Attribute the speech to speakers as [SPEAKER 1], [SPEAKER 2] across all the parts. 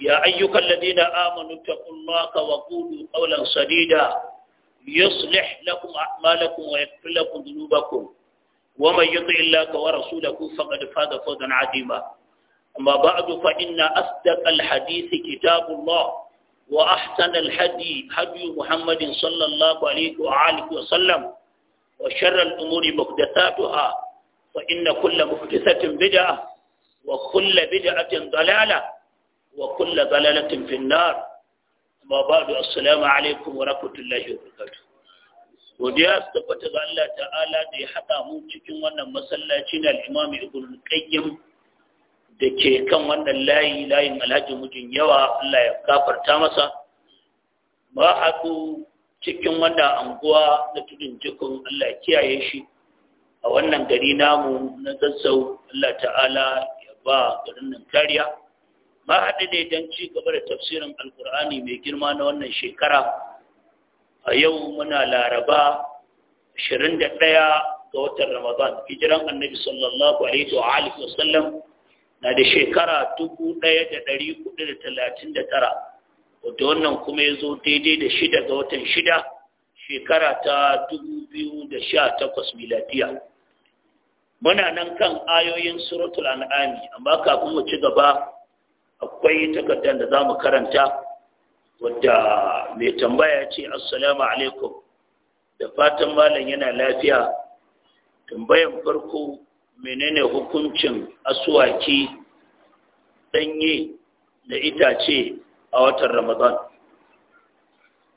[SPEAKER 1] يا أيها الذين آمنوا اتقوا الله وقولوا قولا سديدا يصلح لكم أعمالكم ويغفر لكم ذنوبكم ومن يطع الله ورسوله فقد فاز فوزا عظيما أما بعد فإن أصدق الحديث كتاب الله وأحسن الهدي هدي محمد صلى الله عليه وآله وسلم وشر الأمور محدثاتها فإن كل محدثة بدعة وكل بدعة ضلالة وكل ضلالة في النار amma ba da assalamu alaikum wa rahmatullahi wa barakatuh godiya su tabbata ga Allah ta'ala da ya haɗa mu cikin wannan masallaci na al-Imam Ibn Qayyim da ke kan wannan layi layin Alhaji Mujin yawa Allah ya gafarta masa ba cikin wannan anguwa na tudun jikun Allah ya kiyaye shi a wannan gari namu na zazzau Allah ta'ala ya ba garin nan kariya ba haɗe ne don ci gaba da tafsirin alkur'ani mai girma na wannan shekara a yau muna laraba 21 ga watan ramadan hijiran annabi sallallahu alaihi wa alihi wasallam na da shekara 1439 wadda wannan kuma ya zo daidai da shida ga watan shida shekara ta 2018 miladiya muna nan kan ayoyin suratul an'ami amma kafin mu ci gaba akwai takardar da za mu karanta wadda mai tambaya ce assalamu alaikum da fatan malam yana lafiya tambayan farko menene hukuncin asuwaki danye da itace a watan ramadan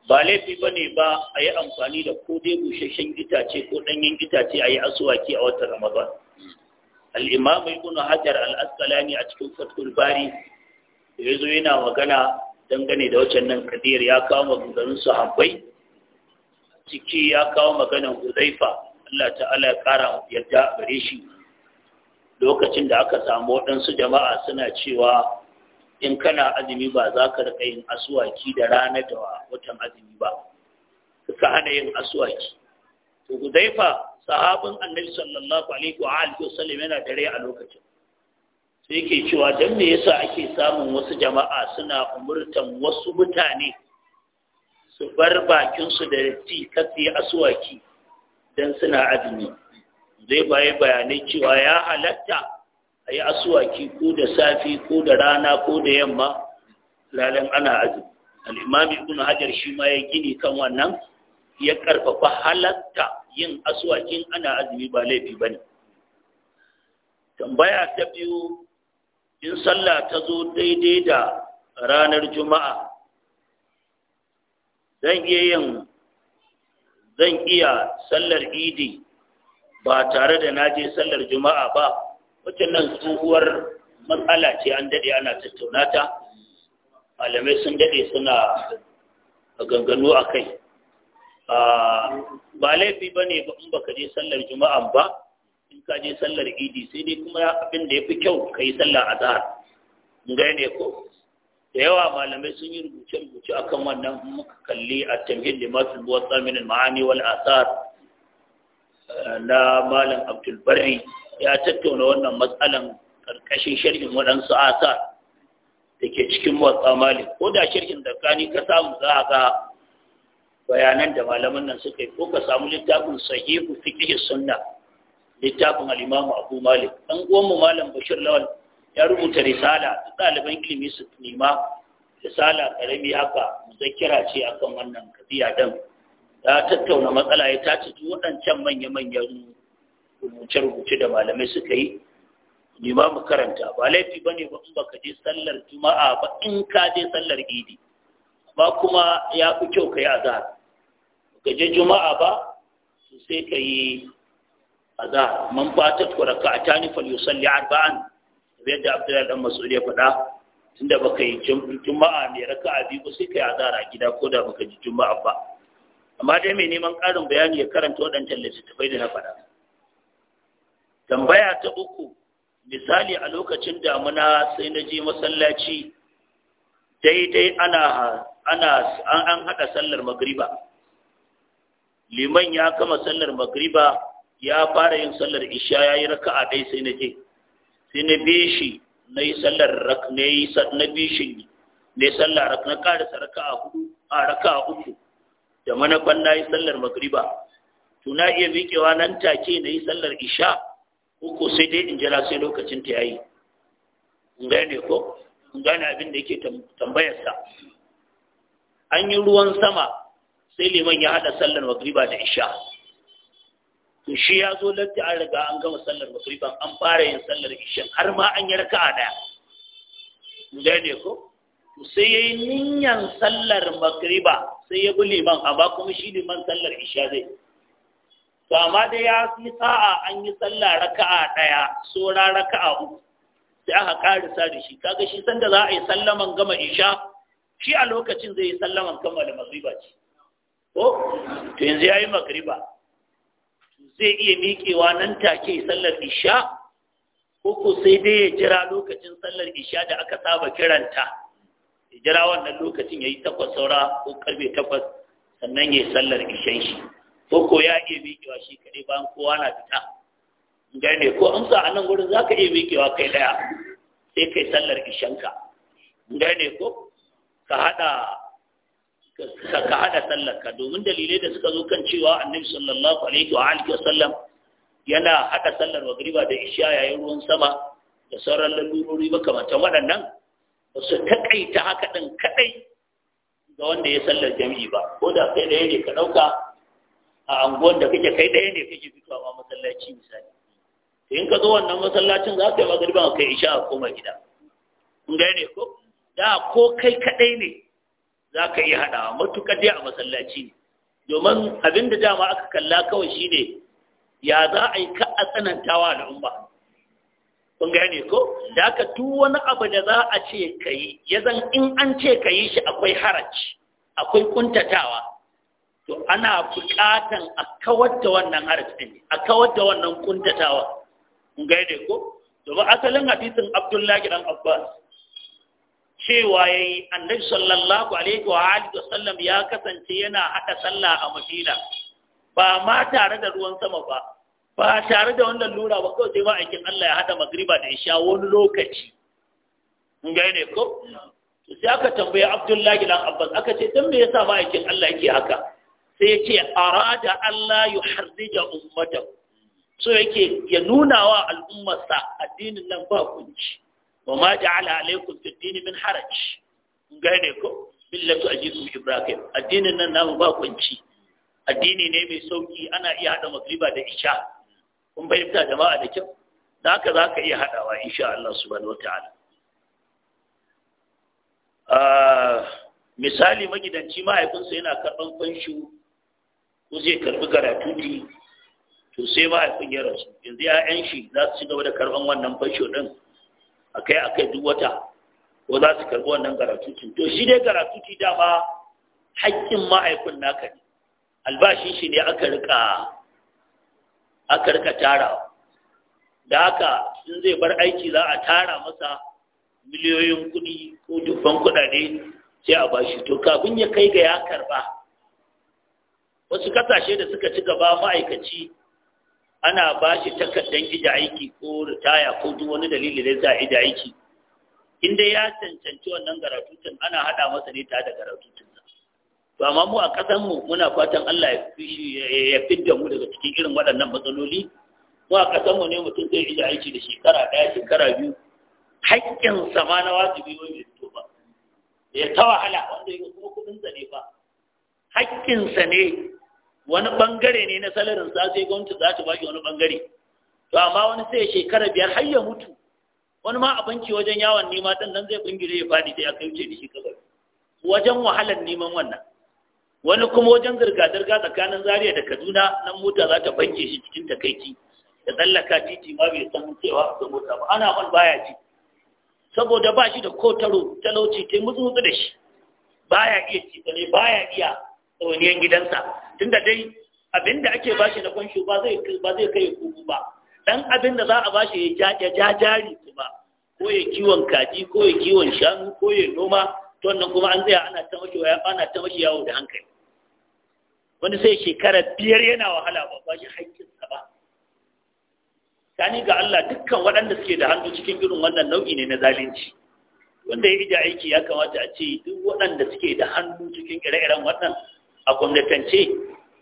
[SPEAKER 1] ba laifi ba ne ba a yi amfani da ko dai busasshen itace ko ɗanyen itace a yi asuwaki a watan ramadan al'imamai kuna hajar al'askalani a cikin fatul bari da ya zo yana magana dangane da wacan nan kadir ya kawo maganganun sahabbai ciki ya kawo maganan huzaifa Allah ta'ala ya kara yadda gare shi lokacin da aka samu waɗansu jama'a suna cewa in kana azumi ba za ka riƙa yin asuwaki da rana da watan azumi ba suka hana yin asuwaki to huzaifa sahabin annabi sallallahu alaihi wa alihi wasallam yana dare a lokacin sai ke cewa don me yasa ake samun wasu jama'a suna umurtan wasu mutane su bar bakinsu da datti katse asuwaki don suna azumi zai baya bayanai cewa ya halatta a yi asuwaki ko da safi ko da rana ko da yamma lalan ana azumi al'imami ibn hajar shi ma ya gini kan wannan ya karfafa halatta yin asuwakin ana azumi ba laifi ba ne tambaya ta biyu in sallah ta zo daidai da ranar juma'a zan iya yin zan iya sallar idi ba tare da na je sallar juma'a ba wacce nan tsohuwar matsala ce an daɗe ana tattaunata malamai sun daɗe suna a ganganu a kai ah, ba laifi ba ne in baka je sallar juma'a ba in ka je sallar idi sai dai kuma abin da ya fi kyau ka yi sallar ga ne ko da yawa malamai sun yi rubuce-rubuce akan wannan muka kalli a tamhid da masu buwa tsaminin ma'ani wal asar eh, na malam abdulbari ya tattauna wannan matsalan karkashin sharhin waɗansu asar da ke cikin watsa malik ko da sharhin kani ka samu za a ga bayanan da malaman nan suka yi ko ka samu littafin sahihu fiqh sunna littafin alimamu abu malik ɗan uwan mu malam bashir lawal ya rubuta risala ta ɗaliban ilimi su nema risala karami haka muzakkira ce akan wannan kafiya dan ya tattauna matsala ya tace waɗancan manya-manyan rubuce-rubuce da malamai suka yi nema ba mu karanta ba laifi ba ne ba in baka je sallar juma'a ba in ka je sallar idi ba kuma ya fi kyau ka yi azhar ka je juma'a ba sai ka yi azhar man batat ku fal yusalli arba'an yadda Abdullahi dan Mas'ud ya faɗa tunda baka yi juma'a mai raka'a biyu ko sai kai azara a gida ko da baka ji juma'a ba amma dai mai neman karin bayani ya karanta waɗancan littafai da na faɗa tambaya ta uku misali a lokacin damuna sai na je masallaci daidai ana ana an haɗa sallar magriba liman ya kama sallar magriba ya fara yin sallar isha ya yi raka'a dai sai na je sai na bi shi na yi sallar rak na yi na bi shi na yi sallar rak na karisa raka'a hudu a raka'a uku da manafan na yi sallar magriba to na iya miƙewa nan take na yi sallar isha uku sai dai in jira sai lokacin ta yayi in gane ko in gane abin da yake sa an yi ruwan sama sai liman ya haɗa sallar magriba da isha to shi ya zo lati an riga an gama sallar magriban an fara yin sallar ishan har ma an yi raka'a daya dai ne ko sai yayi yi sallar magriba sai ya bi liman amma kuma shi liman sallar isha zai to amma da ya yi sa'a an yi sallah raka'a daya sora raka'a uku sai aka karisa da shi kaga shi sanda za a yi sallaman gama isha shi a lokacin zai yi sallaman kammala magriba ce ko to yanzu yayi yi magriba zai iya miƙewa nan take sallar isha ko sai dai ya jira lokacin sallar isha da aka saba kiranta ya jira wannan lokacin ya yi takwas saura ko karbe takwas sannan ya yi sallar ishan shi ko ko ya iya miƙewa shi kaɗai bayan kowa na fita gane ko amsa a nan gurin za ka iya miƙewa kai ɗaya sai kai sallar ishanka gane ko ka haɗa ka haɗa sallarka domin dalilai da suka zo kan cewa annabi sallallahu alaihi wa alihi wasallam yana haɗa sallar magriba da isha yayin ruwan sama da sauran lalurori makamantan waɗannan ba su taƙaita haka ɗin kaɗai ga wanda ya sallar jami'i ba ko da kai ɗaya ne ka ɗauka a anguwan da kake kai ɗaya ne kake fitowa masallaci misali in ka zo wannan masallacin za ka yi magriba kai isha a koma gida in ne ko da ko kai kaɗai ne za ka iya haɗawa matuƙa dai a masallaci domin abin da dama aka kalla kawai shi ne ya za a yi ka a tsanantawa al'umma kun gane ko da aka tu wani abu da za a ce ka yi ya zan in an ce ka yi shi akwai haraci akwai kuntatawa to ana buƙatan a kawar da wannan ne, a kawar da wannan kuntatawa kun gane ko domin asalin hadisin abdullahi dan abbas cewa ya yayi annabi sallallahu alaihi wa alihi wasallam ya kasance yana hada sallah a Madina ba ma tare da ruwan sama ba ba tare da wannan lura ba kawai sai ma'aikin Allah ya hada magriba da isha wani lokaci in ne ko sai aka tambaye Abdullahi dan Abbas aka ce dan me yasa ma'aikin Allah yake haka sai ya ce arada Allah yuharrija ummatahu so yake ya nuna wa al'ummarsa addinin nan ba kunci wa ma ja'ala alaikum fid din min haraj gane ko millatu ajikum ibrahim addinin nan namu ba kunci addini ne mai sauki ana iya hada magriba da isha kun fahimta jama'a da kyau da haka za ka iya hadawa insha Allah subhanahu wataala ah, misali magidanci mahaifinsa yana karban fanshu ko zai karbi karatu ne to sai ma'aikun ya rasu yanzu ya'yan shi za su ci gaba da karban wannan fansho din akai akai duk wata ko za su karbi wannan garatuci to shi dai garatuci dama haƙƙin ma'aikun naka ne albashin shi ne aka rika aka rika tara da haka in zai bar aiki za a tara masa miliyoyin kuɗi ko dubban kuɗaɗe sai a bashi to kafin ya kai ga ya karba wasu kasashe da suka ci gaba ma'aikaci ana ba shi takardar ida aiki ko ritaya ko duk wani dalili da za ida aiki in dai ya cancanci wannan garatutun ana haɗa masa ne tare da garatutun to amma mu a ƙasanmu muna fatan Allah ya ya fidda mu daga cikin irin waɗannan matsaloli mu a ƙasanmu ne mutum zai ida aiki da shekara ɗaya shekara biyu haƙƙin sama na wajibi wani fito ba
[SPEAKER 2] ya ta wahala
[SPEAKER 1] wanda ya kuma kuɗinsa ne ba haƙƙinsa ne wani bangare ne na salarin sa sai gwamnati za ta baki wani bangare to amma wani sai shekara biyar har ya mutu wani ma a banki wajen yawon nema din nan zai bingire ya fadi sai aka wuce da shi kabar wajen wahalar neman wannan wani kuma wajen zirga-zirga tsakanin zaria da kaduna nan mota za ta banke shi cikin takaici da tsallaka titi ma bai san cewa a mota ba ana man baya ji saboda ba shi da kotaro talauci ta yi mutsutsu da shi baya iya ci baya iya tsawaniyan gidansa tunda dai abin da ake bashi na kwanshi ba zai ba zai kai kuku ba dan abin da za a bashi ya ja ja jari kuma ko ya kiwon kaji ko ya kiwon shanu ko ya noma to wannan kuma an tsaya ana ta mashi ana ta mashi yawo da hankali wani sai shekara biyar yana wahala ba ba shi haƙƙinsa ba Sani ga Allah dukkan waɗanda suke da hannu cikin irin wannan nau'i ne na zalunci wanda ya ija aiki ya kamata a ce duk waɗanda suke da hannu cikin ire-iren waɗanda a gwamnatance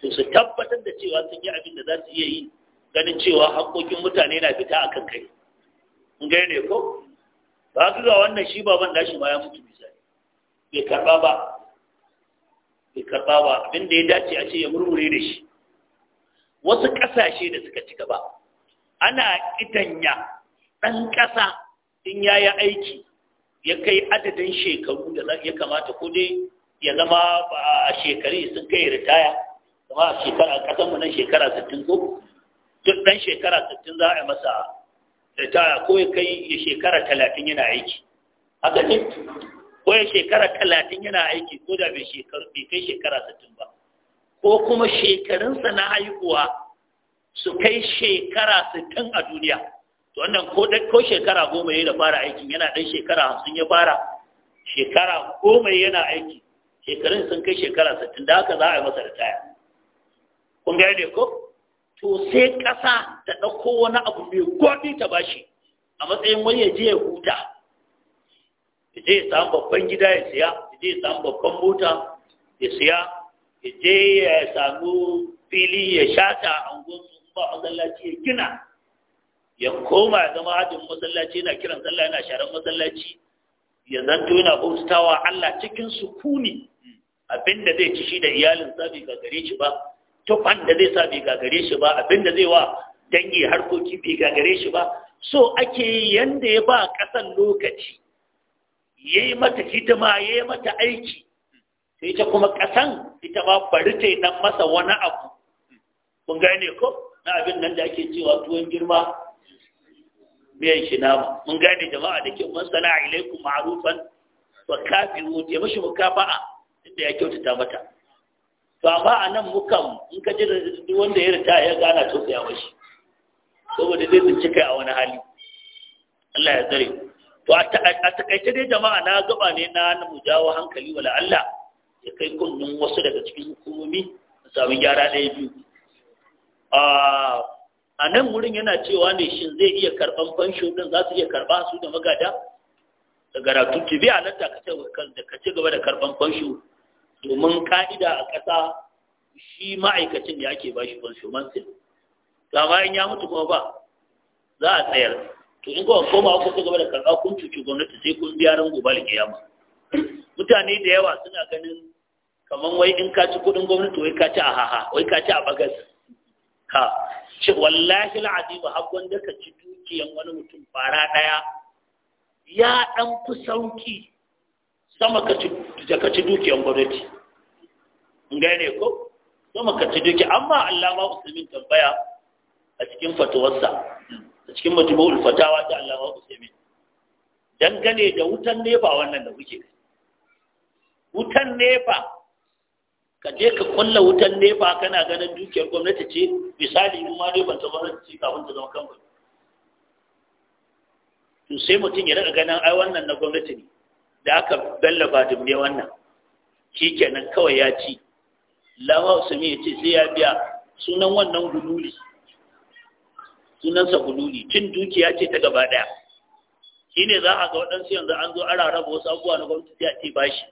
[SPEAKER 1] to su tabbatar da cewa sun yi abin da za su iya yi ganin cewa haƙoƙin mutane na fita a kan kai in gai ne ko ba su ga wannan shi ban dashi ma ya mutu misali bai karɓa ba bai karɓa ba abin da ya dace a ce ya murmure da shi wasu ƙasashe da suka ci ba ana itanya ɗan ƙasa in ya yi aiki ya kai adadin shekaru da ya kamata ko dai ya zama a shekari sun kai ritaya kuma a shekara mu nan shekara 60 duk dan shekara 60 za a yi masa ritaya ko ya kai ya shekara 30 yana aiki haka ne ko ya shekara 30 yana aiki ko da bai shekaru bai kai shekara 60 ba ko kuma shekarun sa na haihuwa su kai shekara 60 a duniya to wannan ko da ko shekara 10 ya da fara aikin yana dan shekara 50 ya fara shekara 10 yana aiki shekarun sun kai shekara sittin da haka za a yi masa ritaya kun gaya ne ko to sai ƙasa ta ɗauko wani abu mai gwani ta bashi a matsayin wani ya je ya huta ya je ya samu babban gida ya siya ya je ya samu babban mota ya siya ya je ya samu fili ya shata a unguwarsu ba masallaci ya gina ya koma ya zama hajjin masallaci yana kiran sallah yana sharan masallaci ya zanto yana bautawa Allah cikin sukuni abinda zai ci shi da iyalinsa bai gagare shi ba tufan da zai sa bai gagare shi ba abinda zai wa dangi harkoki bai gagare shi ba so ake yanda ya ba ƙasan lokaci ya yi mata hidima ya yi mata aiki sai ta kuma kasan ita ma bari ta yi dan masa wani abu kun gane ko na abin nan da ake cewa tuwon girma biyan shi nama mun gane jama'a da ke mun sana ilaikum ma'rufan wa kafiru ya mishi mukafa'a inda ya kyautata mata to amma a nan mukan in ka ji duk wanda ya rita ya gana to tausaya mashi saboda zai tsinci kai a wani hali Allah ya tsare to a takaice dai jama'a na gaba ne na mu jawo hankali wala Allah ya kai kunnun wasu daga cikin hukumomi a samu gyara ɗaya biyu a nan wurin yana cewa ne shin zai iya karɓan fansho ɗin za su iya karɓa su da magada Da ratu ki biya nan da ka ci gaba da karɓan fansho domin ka'ida a ƙasa shi ma'aikacin da ake ba shi consumansin kama in ya mutu kuma ba za a tsayar to in kuma koma ko ci gaba da karɓa kun cuci gwamnati sai kun biya ran gobe da kiyama mutane da yawa suna ganin kaman wai in ka ci kuɗin gwamnati wai ka ci a haha wai ka ci a bagas Ka ce wallahi al'azim har gwanda ka ci dukiyan wani mutum fara ɗaya ya ɗan fi sauki sama ka ci dukiyar gwamnati gane ko sama ka ci duki amma allama usaimin tambaya a cikin fatawarsa a cikin majmu'ul fatawa ta allama usaimin dangane da wutan nefa wannan da kuke wutan nefa ka je ka kulla wutan nefa kana ganin dukiyar gwamnati ce misali in ma dai banta gwamnati ce kafin ta zama kamfani to sai mutum ya daga ganin ai wannan na gwamnati ne da aka gallaba dubbe wannan shi kenan kawai ya ci lawa usami ya ce sai ya biya sunan wannan gululi sa gululi Tun dukiya ce ta gaba daya shi ne za a ga waɗansu yanzu an zo ara raba wasu abubuwa na gwamnati a ce bashi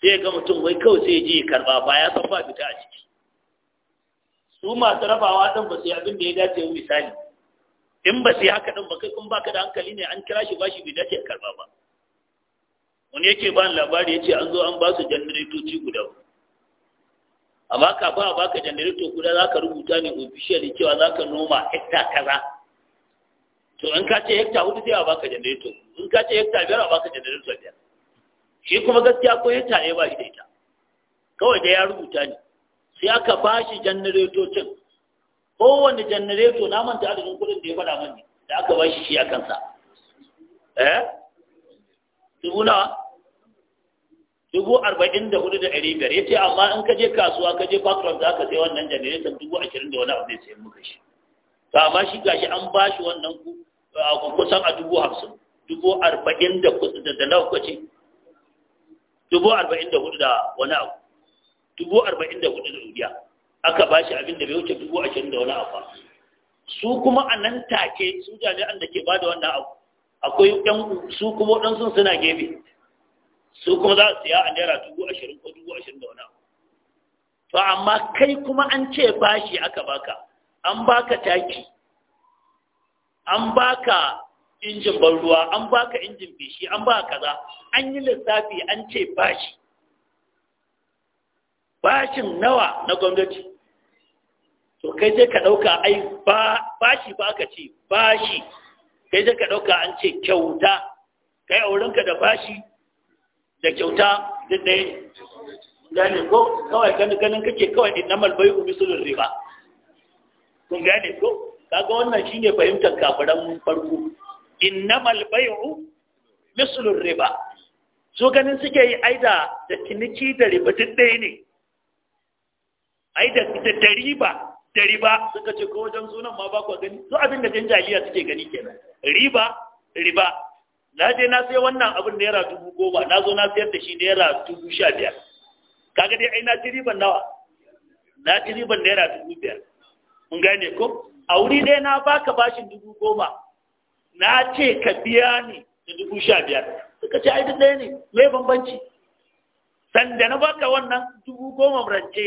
[SPEAKER 1] sai ga mutum wai kawai sai je karɓa ba ya san ba fita a ciki su masu rabawa dan ba su yi abin da ya dace misali in ba su yi haka ɗin ba kai kun baka da hankali ne an kira shi bashi bai dace karba karɓa ba wani yake ba labari ya ce an zo an ba su janaritoci guda amma ka ba baka janarito guda za ka rubuta ne officially cewa za ka noma hekta kaza to in ka ce hekta hudu sai a baka janarito in ka ce hekta biyar a baka janarito biyar shi kuma gaskiya ko hekta ne ba shi da ita kawai da ya rubuta ne sai aka ba shi janaritocin kowane janareto na manta adadin kudin da ya faɗa mani da aka ba shi shi a kansa eh dubu nawa dubu arba'in da hudu da ɗari biyar ya ce amma in ka je kasuwa ka je patron za ka sai wannan janareton dubu ashirin da wani abu zai sayan muka shi to amma shi gashi an ba shi wannan kusan a dubu hamsin dubu arba'in da kudu da nawa kuka ce dubu arba'in da hudu da wani abu dubu arba'in da hudu da ɗuriya aka ba shi abin da bai wuce dubu ashirin da wani abu su kuma a nan take su jami'an da ke ba da wannan abu akwai ɗan su kuma waɗansu suna gefe su kuma za su siya a naira dubu ashirin ko dubu ashirin da wani abu to amma kai kuma an ce bashi aka baka an baka taki an baka injin ban ruwa an baka injin feshi an baka kaza an yi lissafi an ce bashi bashin nawa na gwamnati to kai sai ka ɗauka ai bashi ba aka ce bashi kai da ka ɗauka an ce kyauta kai aurenka da bashi da kyauta duk dai gane ko kawai ganin ganin kake kawai bai ubi umisulun riba kun gane ko kaga wannan shine fahimtar kafiran farko innamal bai'u umisulun riba so ganin suke yi aida da kinici da riba duk ɗaya ne aida da riba da riba suka ce ko wajen sunan ma ba ku gani su abin da jahiliya suke gani kenan riba riba na je na sai wannan abin yara dubu goma na zo na sayar da shi yara dubu sha biyar kaga dai ai na ci riban nawa na ci riban naira dubu biyar mun gane ko a wuri dai na baka bashin dubu goma na ce ka biya ni da dubu sha biyar suka ce ai duk ɗaya ne me bambanci sanda na baka wannan dubu goma rance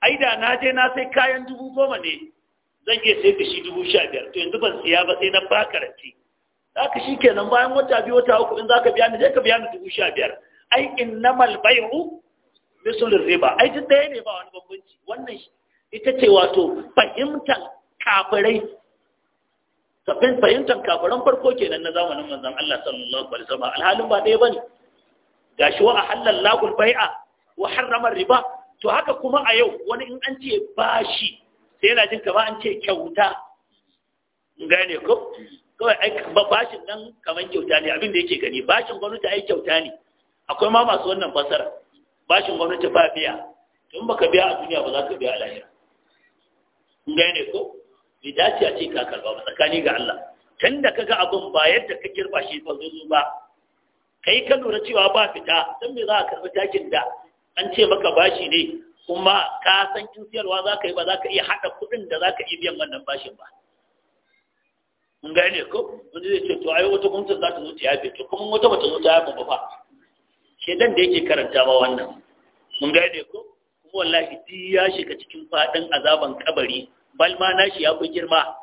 [SPEAKER 1] ai da na je na sai kayan dubu goma ne zan iya sai da shi dubu sha biyar to yanzu ban siya ba sai na karanti. Za zaka shi kenan bayan wata biyu wata uku in zaka biya ni sai ka biya ni dubu sha biyar ai innamal bai'u bisul riba ai duk ɗaya ne ba wani bambanci wannan ita ce wato fahimtar kafirai kafin fahimtar kafiran farko kenan na zamanin manzon Allah sallallahu alaihi wasallam alhalin ba ɗaya bane gashi wa ahalla lakul bai'a wa harrama riba to haka kuma a yau wani in an ce bashi sai yana jin kamar an ce kyauta gane ko kawai bashin nan kamar kyauta ne abin da yake gani bashin gwamnati ai kyauta ne akwai ma masu wannan fasara bashin gwamnati ba biya tun baka biya a duniya ba za ka biya a lahira gane ko bai dace a ce ka karba ba tsakani ga Allah tun da kaga abin ba yadda ka girba shi ba zo ba kai ka lura cewa ba fita don me za a karba takin da an ce maka bashi ne kuma ka san in siyarwa za ka yi ba za ka iya haɗa kuɗin da za ka iya biyan wannan bashin ba mun gane ko wani zai ce to ai wata gwamnati za ta zo ta yafe to kuma wata bata zo ta yafe ba fa shedan da yake karanta ba wannan mun gane ko kuma wallahi di ya shiga cikin fadin azaban kabari bal ma nashi ya fi girma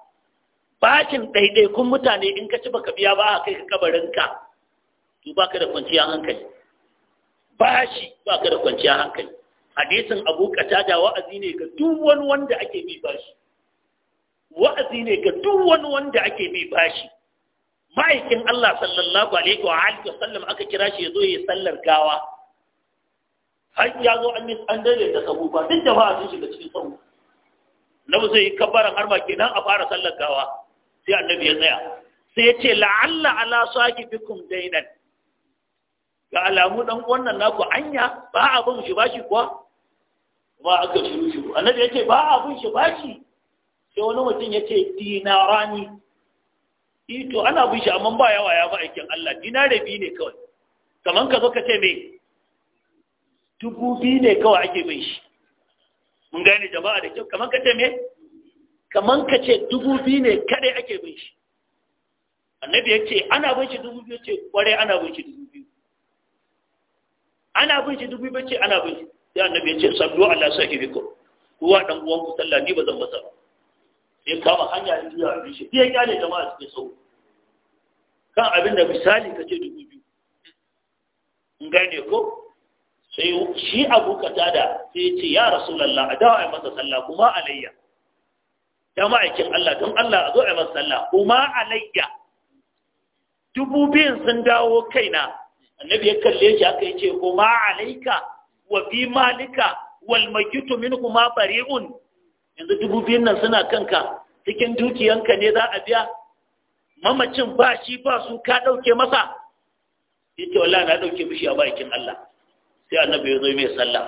[SPEAKER 1] bashin ɗaiɗaikun mutane in ka ci baka biya ba a kai ka kabarinka to ka da kwanciyar hankali bashi ba ka da kwanciyar hankali hadisin abu katada wa'azi ne ga duk wani wanda ake bi bashi wa'azi ne ga duk wani wanda ake bi bashi ma'aikin Allah sallallahu alaihi wa alihi sallam aka kira shi yazo ya sallar gawa har ya zo an an dare da sabu ba duk da ba sun shiga cikin sabu ba sai kabbaran har ma kenan a fara sallar gawa sai annabi ya tsaya sai ya ce la'alla ala sahibikum dainan ga alamu dan wannan naku anya ba abun shi bashi kuwa ba aka shiru shiru annabi yace ba abun shi bashi sai wani mutum yace dinarani ito ana bin shi amma ba yawa ya ba aikin Allah dinare bi ne kawai kaman ka zo ka ce me dubu bi ne kawai ake bin shi mun gane jama'a da kyau kaman ka ce me kaman ka ce dubu bi ne kadai ake bin shi annabi yace ana bin shi dubu biyu ce kware ana bin shi dubu biyu ana bin shi dubu bace ana bin shi sai annabi ya ce sabdu Allah saki biko kuwa dan uwan ku sallah ni ba zan masa ba sai kama hanya da jiya bin shi sai ya kyale jama'a suke sau kan abin da misali kace dubu biyu in gane ko sai shi abu katada sai ya ce ya Rasulullah a dawo ai masa sallah kuma alayya ya kin Allah don Allah a zo ai masa sallah kuma alayya dubu biyun sun dawo kaina annabi ya kalle shi aka yace huma alaika wa bi malika wal majitu kuma bari'un yanzu dubu biyun nan suna kanka cikin dukiyanka ne za a biya mamacin ba shi ba su ka ɗauke masa ce wallahi na ɗauke mishi a bakin Allah sai annabi ya zo mai sallah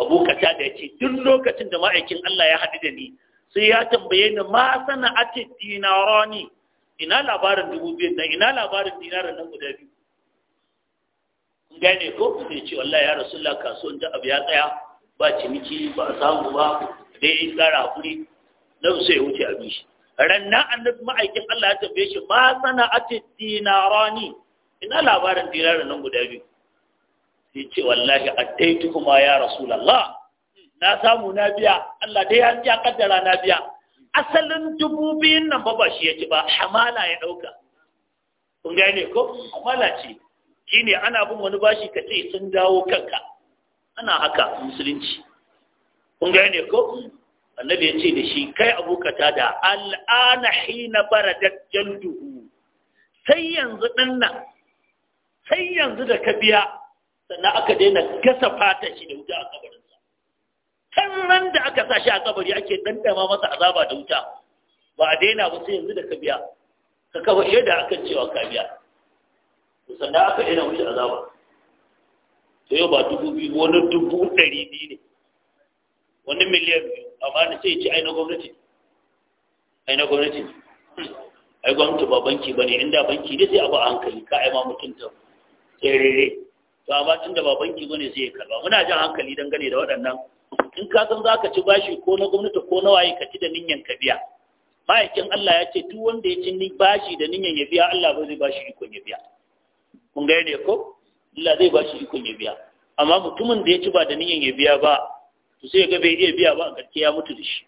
[SPEAKER 1] abu kata da ya ce duk lokacin da ma'aikin Allah ya haɗu da ni sai ya tambaye ni ma sana ati dinarani ina labarin dubu biyun nan ina labarin dinarin nan guda biyu gane ko sai ce wallahi ya rasulullah kasuwan da abu ya tsaya ba ciniki ba samu ba dai in gara hakuri nan sai ya wuce abin shi ranna annabi ma'aikin Allah ya tambaye shi ma sana'ati dinarani ina labarin dinarin nan guda biyu sai ce wallahi tu kuma ya rasulullah na samu na biya Allah dai har ya kaddara na biya asalin dubu biyun nan ba ba shi ya ci ba hamala ya dauka kun gane ko hamala ce shine ana bin wani bashi ka ce sun dawo kanka ana haka musulunci kun ne, ko annabi ya ce da shi kai abokata da al'ana hina baradat jalduhu sai yanzu dinnan sai yanzu da ka biya sannan aka daina gasa fata shi da wuta a kabarinsa kan nan da aka sa shi a kabari ake dandama masa azaba da wuta ba a daina ba sai yanzu da ka biya ka kafa shaida akan cewa ka biya sannan aka daina wuce azaba to yau ba dubu biyu wani dubu ɗari biyu ne wani miliyan biyu amma na sai ce aina gwamnati Aina gwamnati ai gwamnati ba banki ba ne inda banki ne sai abu a hankali ka ai ma mutunta tsere to amma tun da ba banki ba ne sai ya karba muna jan hankali dangane da waɗannan in ka san za ka ci bashi ko na gwamnati ko na waye ka ci da niyan ka biya ma'aikin Allah ya ce duk wanda ya ci bashi da niyan ya biya Allah ba zai bashi ikon ya biya kun ga ne ko Allah zai ba shi ikon ya biya amma mutumin da ya ci ba da niyan ya biya ba to sai ga bai iya biya ba a gaske ya mutu da shi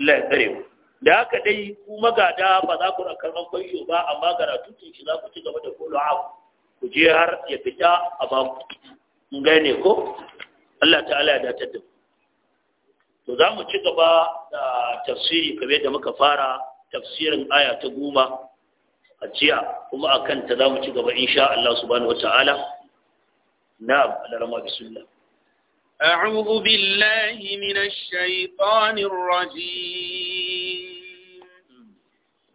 [SPEAKER 1] Allah ya tsare mu da haka dai ku magada ba za ku rakar man bayyo ba amma ga ratutun shi za ku ci gaba da kolo ku je har ya fita a ba ku mun ga ne ko Allah ta'ala ya datar da mu to za mu ci gaba da tafsiri kamar da muka fara tafsirin aya ta goma ajiya kuma akan ta zamu ci gaba insha Allah subhanahu wataala na'am alarma bismillah
[SPEAKER 2] أعوذ بالله من الشيطان الرجيم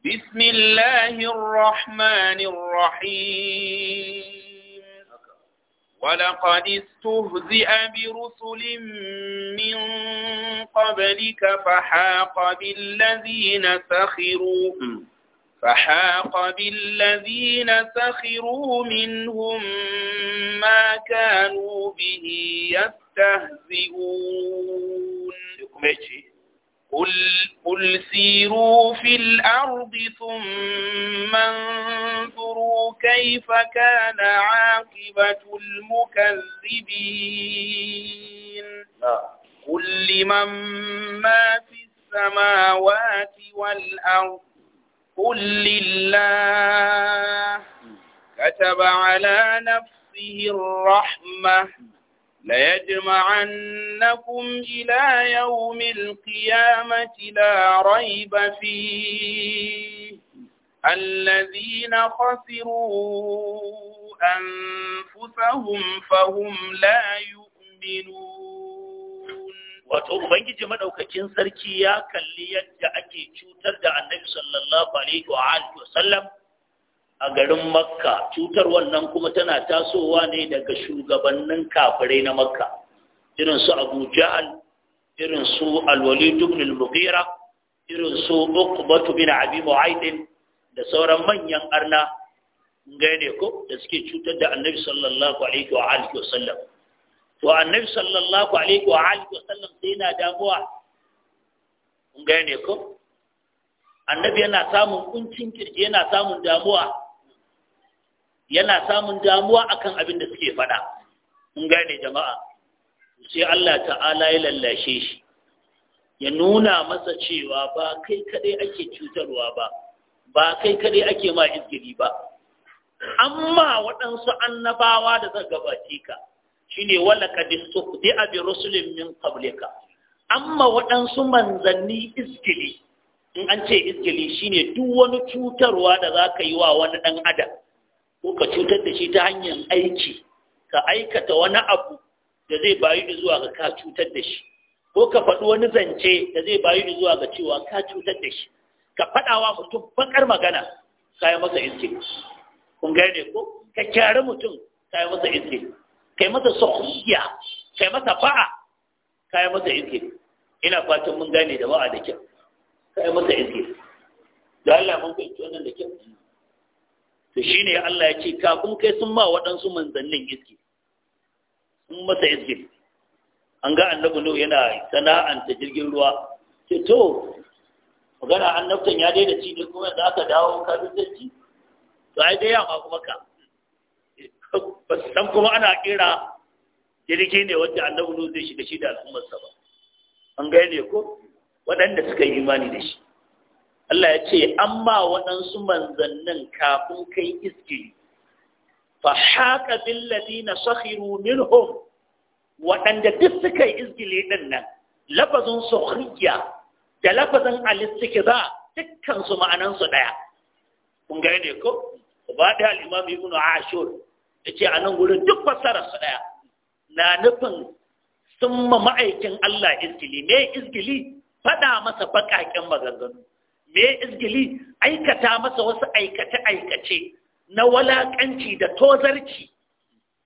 [SPEAKER 2] بسم الله الرحمن الرحيم ولقد استهزئ برسل من قبلك فحاق بالذين سخروا فحاق بالذين سخروا منهم ما كانوا به يستهزئون قل, قل سيروا في الأرض ثم انظروا كيف كان عاقبة المكذبين نعم. قل لمن ما في السماوات والأرض قل لله كتب على نفسه الرحمة ليجمعنكم إلى يوم القيامة لا ريب فيه الذين خسروا أنفسهم فهم لا يؤمنون
[SPEAKER 1] wato ubangiji madaukakin sarki ya kalli yadda ake cutar da annabi sallallahu alaihi wa alihi wasallam a garin makka cutar wannan kuma tana tasowa ne daga shugabannin kafirai na makka irin su abu ja'al irin su alwalid ibn al-mughira irin su uqbatu bin abi mu'ayd da sauran manyan arna gane ko da suke cutar da annabi sallallahu alaihi wa alihi wasallam to annabi sallallahu alaihi wa alihi wasallam sai yana damuwa kun gane ko annabi yana samun kuncin kirji yana samun damuwa yana samun damuwa akan abin da suke faɗa kun gane jama'a sai Allah ta'ala ya lallashe shi ya nuna masa cewa ba kai kade ake cutarwa ba ba kai kade ake ma izgiri ba amma waɗansu annabawa da zan gabace ka shine wala kad istuqdi'a bi rusulin min qablika amma waɗansu manzanni iskili in an ce iskili shine duk wani cutarwa da za ka yi wa wani ɗan adam ko ka cutar da shi ta hanyar aiki ka aikata wani abu da zai bayu da zuwa ga ka cutar da shi ko ka faɗi wani zance da zai bayu da zuwa ga cewa ka cutar da shi ka faɗawa mutum bakar magana ka yi masa iskili kun gane ko ka kyari mutum ka yi masa iskili kai masa sahiya kai masa fa'a kai masa izgiri ina fatan mun gane da ba'a da kyau kai masa izgiri da Allah mun fahimci wannan da kyau to shine Allah ya ce kafin kai sun ma waɗansu manzannin izgiri sun masa izgiri an ga annabi Nuhu yana sana'anta jirgin ruwa ce to magana annabtan ya daina ci ne kuma da aka dawo kafin ci to ai dai yamma kuma ka ba su san kuma ana kera jirgi ne wanda annabi nu shi da shi da al'ummarsa ba an ne ko waɗanda suka yi imani da shi Allah ya ce amma waɗansu manzannin kafin kai iskili fa haka bil ladina sakhiru minhum waɗanda duk suka yi izgili ɗin nan lafazin sohiyya da lafazin alistikiza dukkan su ma'anansu ɗaya kun gane ne ko ba da al'imam ibn ashur yace a nan wurin duk fassara su ɗaya na nufin sun ma ma'aikin Allah izgili me izgili faɗa masa baƙaƙen maganganu me izgili aikata masa wasu aikace aikace na walaƙanci da tozarci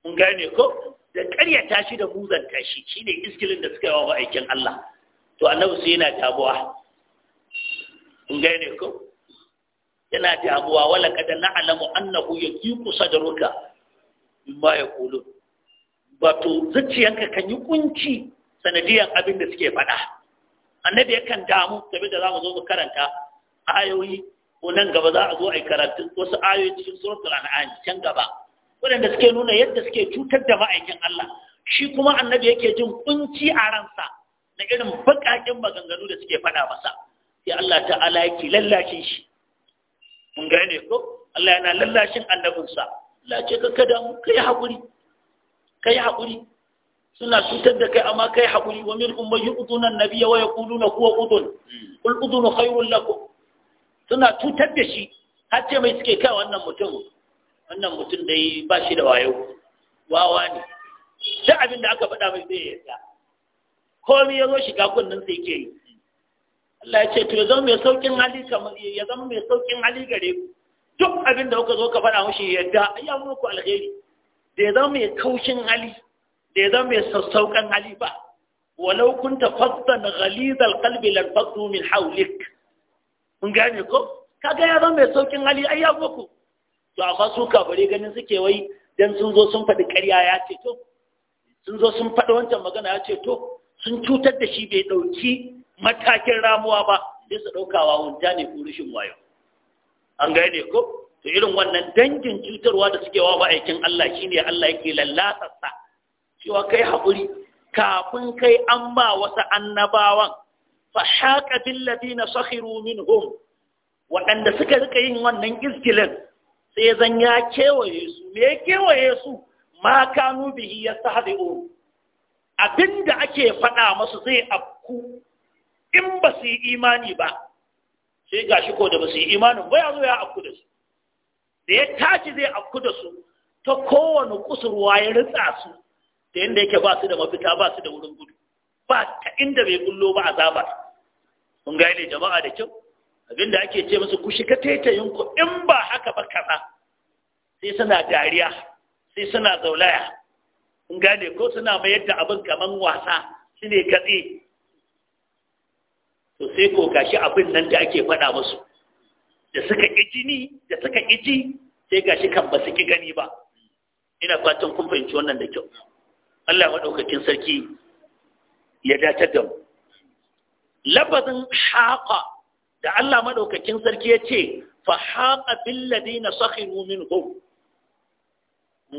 [SPEAKER 1] mun gane ko da ƙaryata shi da muzanta shi shine izgilin da suka yi wa ma'aikin Allah to annabi sai yana tabuwa mun gane ko yana damuwa wala kada na'lamu annahu yaqiqu sadruka mimma ya kulu wato zuciyanka kan yi kunci sanadiyan abin da suke faɗa annabi yakan damu game da mu zo mu karanta ayoyi ko nan gaba za a zo a yi karatu wasu ayoyi cikin suratul an'am can gaba waɗanda suke nuna yadda suke cutar da ma'aikin Allah shi kuma annabi yake jin kunci a ransa na irin baƙaƙen maganganu da suke faɗa masa Ya Allah ta'ala yake lallashin shi mun gane ko Allah yana lallashin annabinsa lace ce ka damu kai haƙuri kai haƙuri suna cutar da kai amma kai haƙuri wa min umma yu'tuna an-nabiyya wa yaquluna huwa udun qul udun khairul lakum suna cutar da shi har ce mai suke kai wannan mutum wannan mutum dai ba shi da wayo wawa ne duk abin da aka faɗa mai zai yarda komai ya zo shiga kunnin sai ke yi Allah ya ce to ya zama mai saukin hali kamar ya zama mai saukin hali gare ku duk abin da kuka zo ka faɗa mushi yadda ya muku alheri da ya zama mai kaushin hali da ya zama mai sassauƙan hali ba walau kunta fasdan ghalizal qalbi lan fadu min hawlik mun gane ko kaga ya zama mai saukin hali ai ya muku to amma su kafare ganin suke wai dan sun zo sun faɗi ƙarya ya ce to sun zo sun faɗi wancan magana ya ce to sun cutar da shi bai ɗauki matakin ramuwa ba sai su ɗaukawa wunta ne ko rashin wayo an gane ko to irin wannan dangin cutarwa da suke wa ma'aikin Allah shi ne Allah yake lallatarsa cewa kai haƙuri kafin kai an ba wasu annabawan fa haqa bil ladina sakhiru minhum waɗanda suka rika yin wannan iskilin sai zan ya kewaye su me ya kewaye su ma kanu bihi yastahdi'un abinda ake faɗa masu zai afku in ba su yi imani ba sai ga shi ko da ba su yi imanin ba ya zo ya afku da su da ya tashi zai aku da su ta kowane kusurwa ya ritsa su da yadda yake ba su da mafita ba su da wurin gudu ba ta inda bai kullo ba a zaba mun ga ne jama'a da kyau abinda ake ce musu kushi ka taita yinku in ba haka ba kaza sai suna dariya sai suna zaulaya mun gane ko suna mayar da abin kaman wasa shine katse to sai ko gashi abin nan da ake faɗa musu da suka ƙi jini da suka ƙi ji sai gashi kan ba su ƙi gani ba ina fatan kun fahimci wannan da kyau Allah maɗaukakin sarki ya dace da mu lafazin haƙa da Allah maɗaukakin sarki ya ce fa haƙa billadina sakhiru minhum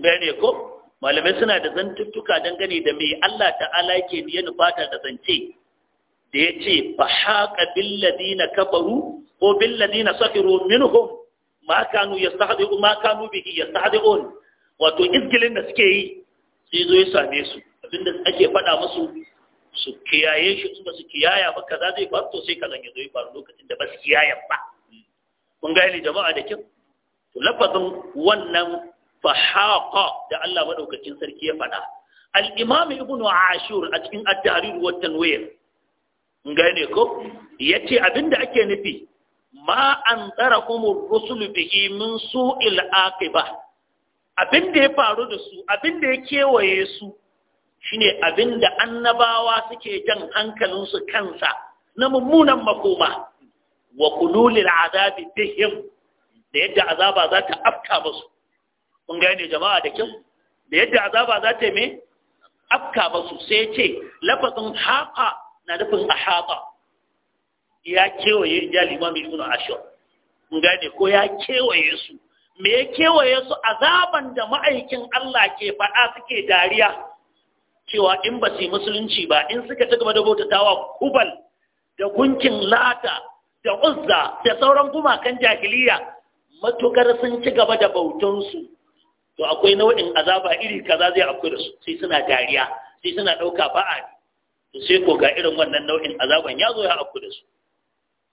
[SPEAKER 1] gane ko malamai suna da zantuttuka dangane da me Allah ta'ala yake ya nufata da zance da ya ce ba haƙa na kafaru ko billadina safiru minhum ma kanu yastahdi'u ma kanu bihi yastahdi'un wato izgilin da suke yi sai zo ya same su abinda ake faɗa musu su kiyaye shi su ba su kiyaya ba kaza zai faru to sai kazan ya zo ya faru lokacin da ba su kiyaya ba kun ga ni jama'a da kin to lafazin wannan fahaqa da Allah madaukakin sarki ya faɗa al-imam ibnu ashur a cikin at-tahrir wa tanwir gane ko yace abinda ake nufi ma an tsara kuma rusul bihi min su'il aqiba abinda ya faru da su abinda ya kewaye su shine abinda annabawa suke jan hankalinsu kansa na mummunan makoma wa kululil azabi bihim da yadda azaba za ta afka musu kun gane jama'a da kyau da yadda azaba za ta me afka musu sai ce lafazin haqa na nufin a haɓa. ya kewaye ya limami suna ashur mun gane ko ya kewaye su me ya kewaye su azaban da ma'aikin Allah ke faɗa suke dariya cewa in ba su yi musulunci ba in suka ci gaba da bautatawa kubal da gunkin lata da uzza da sauran gumakan jahiliya matukar sun ci gaba da bautansu to akwai nau'in azaba iri kaza zai akwai da su sai suna dariya sai suna ɗauka ba'a ne. to sai ko ga irin wannan nau'in azaban ya zo ya afku da su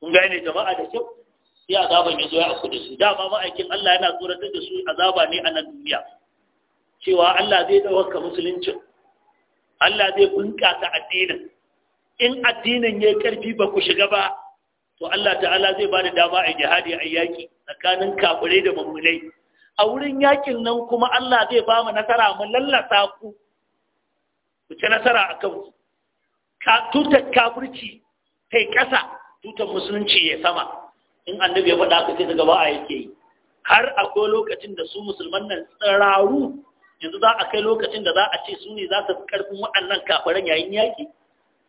[SPEAKER 1] kun ne jama'a da kyau sai azaban ya zo ya afku da su dama ma'aikin Allah yana tsoratar da su azaba ne a nan duniya cewa Allah zai ɗaukaka musuluncin Allah zai bunƙasa addinin in addinin ya karfi ba ku shiga ba to Allah ta'ala zai ba da dama a jihadi a yaƙi tsakanin kafirai da mummunai a wurin yakin nan kuma Allah zai ba mu nasara mu lallasa ku ku ci nasara a kanku tutar kafirci ta yi ƙasa tutar musulunci ya sama in annabi ya faɗa ce sai daga a yake yi har akwai lokacin da su musulman nan tsiraru yanzu za a kai lokacin da za a ce su ne za su fi ƙarfin waɗannan kafiran yayin yaƙi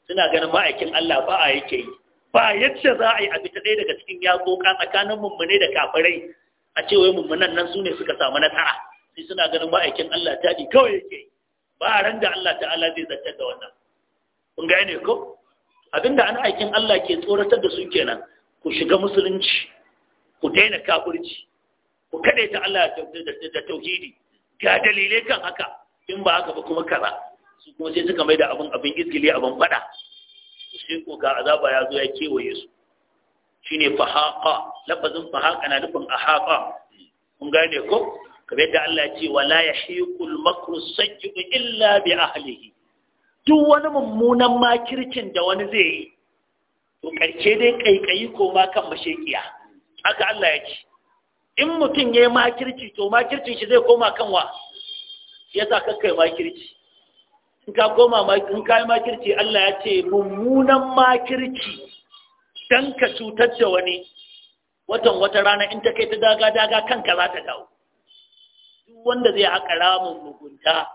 [SPEAKER 1] suna ganin ma'aikin Allah ba a yake yi ba yadda za a yi a fita ɗaya daga cikin yaƙoƙa tsakanin mummune da kafirai a ce wai mummunan nan su ne suka samu nasara sai suna ganin ma'aikin Allah ta kawai yake yi ba ran da Allah ta'ala zai zartar da wannan kun ne ko abinda an aikin Allah ke tsoratar da su kenan ku shiga musulunci ku daina kafirci ku ta Allah da tauhidi ga dalilai kan haka in ba haka ba kuma kaza su kuma sai suka mai da abin abin izgili abin fada shi ko ga azaba ya zo ya kewaye su shine fahaqa lafazin fahaqa na nufin ahaqa kun gane ko kamar yadda Allah ya ce wala yahiqul makru sayyi illa bi ahlihi duk wani mummunan makircin da wani zai yi to ƙarshe dai ƙaiƙayi ko makon mashekiya haka Allah ya ce in mutum ya yi makirci to makircin shi zai koma kan wa ya sa kakkai makirci in ka koma in ka yi makirci Allah ya ce mummunan makirci don ka cutar da wani watan wata rana in ta kai ta daga daga kanka za ta dawo duk wanda zai haƙa ramin mugunta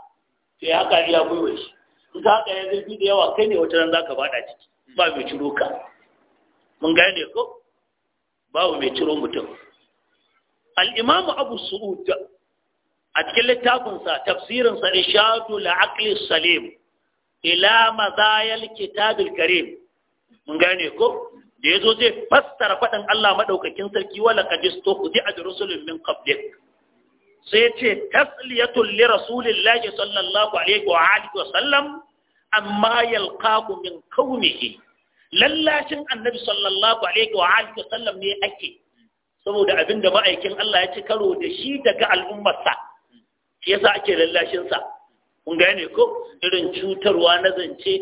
[SPEAKER 1] to ya haƙa iya gwiwa shi za ya ya zurfi da yawa kai ne wata ran zaka bada ciki ba mai ciro ka mun gane ko babu mai ciro mutum al-imam abu su'ud a cikin littafinsa tafsirinsa ishadu la'aqli salim ila mazayal kitabil karim mun gane ko da yazo zai fassara faɗin Allah madaukakin sarki wala qadistu ad rusulin min qablik sai ce tasliyatul li rasulillahi sallallahu alaihi wa alihi wa sallam amma yalqaqu min qaumihi lallashin annabi sallallahu alaihi wa alihi wa sallam ne ake saboda abinda ma'aikin Allah ya ci karo da shi daga al'ummarsa shi yasa ake lallashin sa kun gane ko irin cutarwa na zance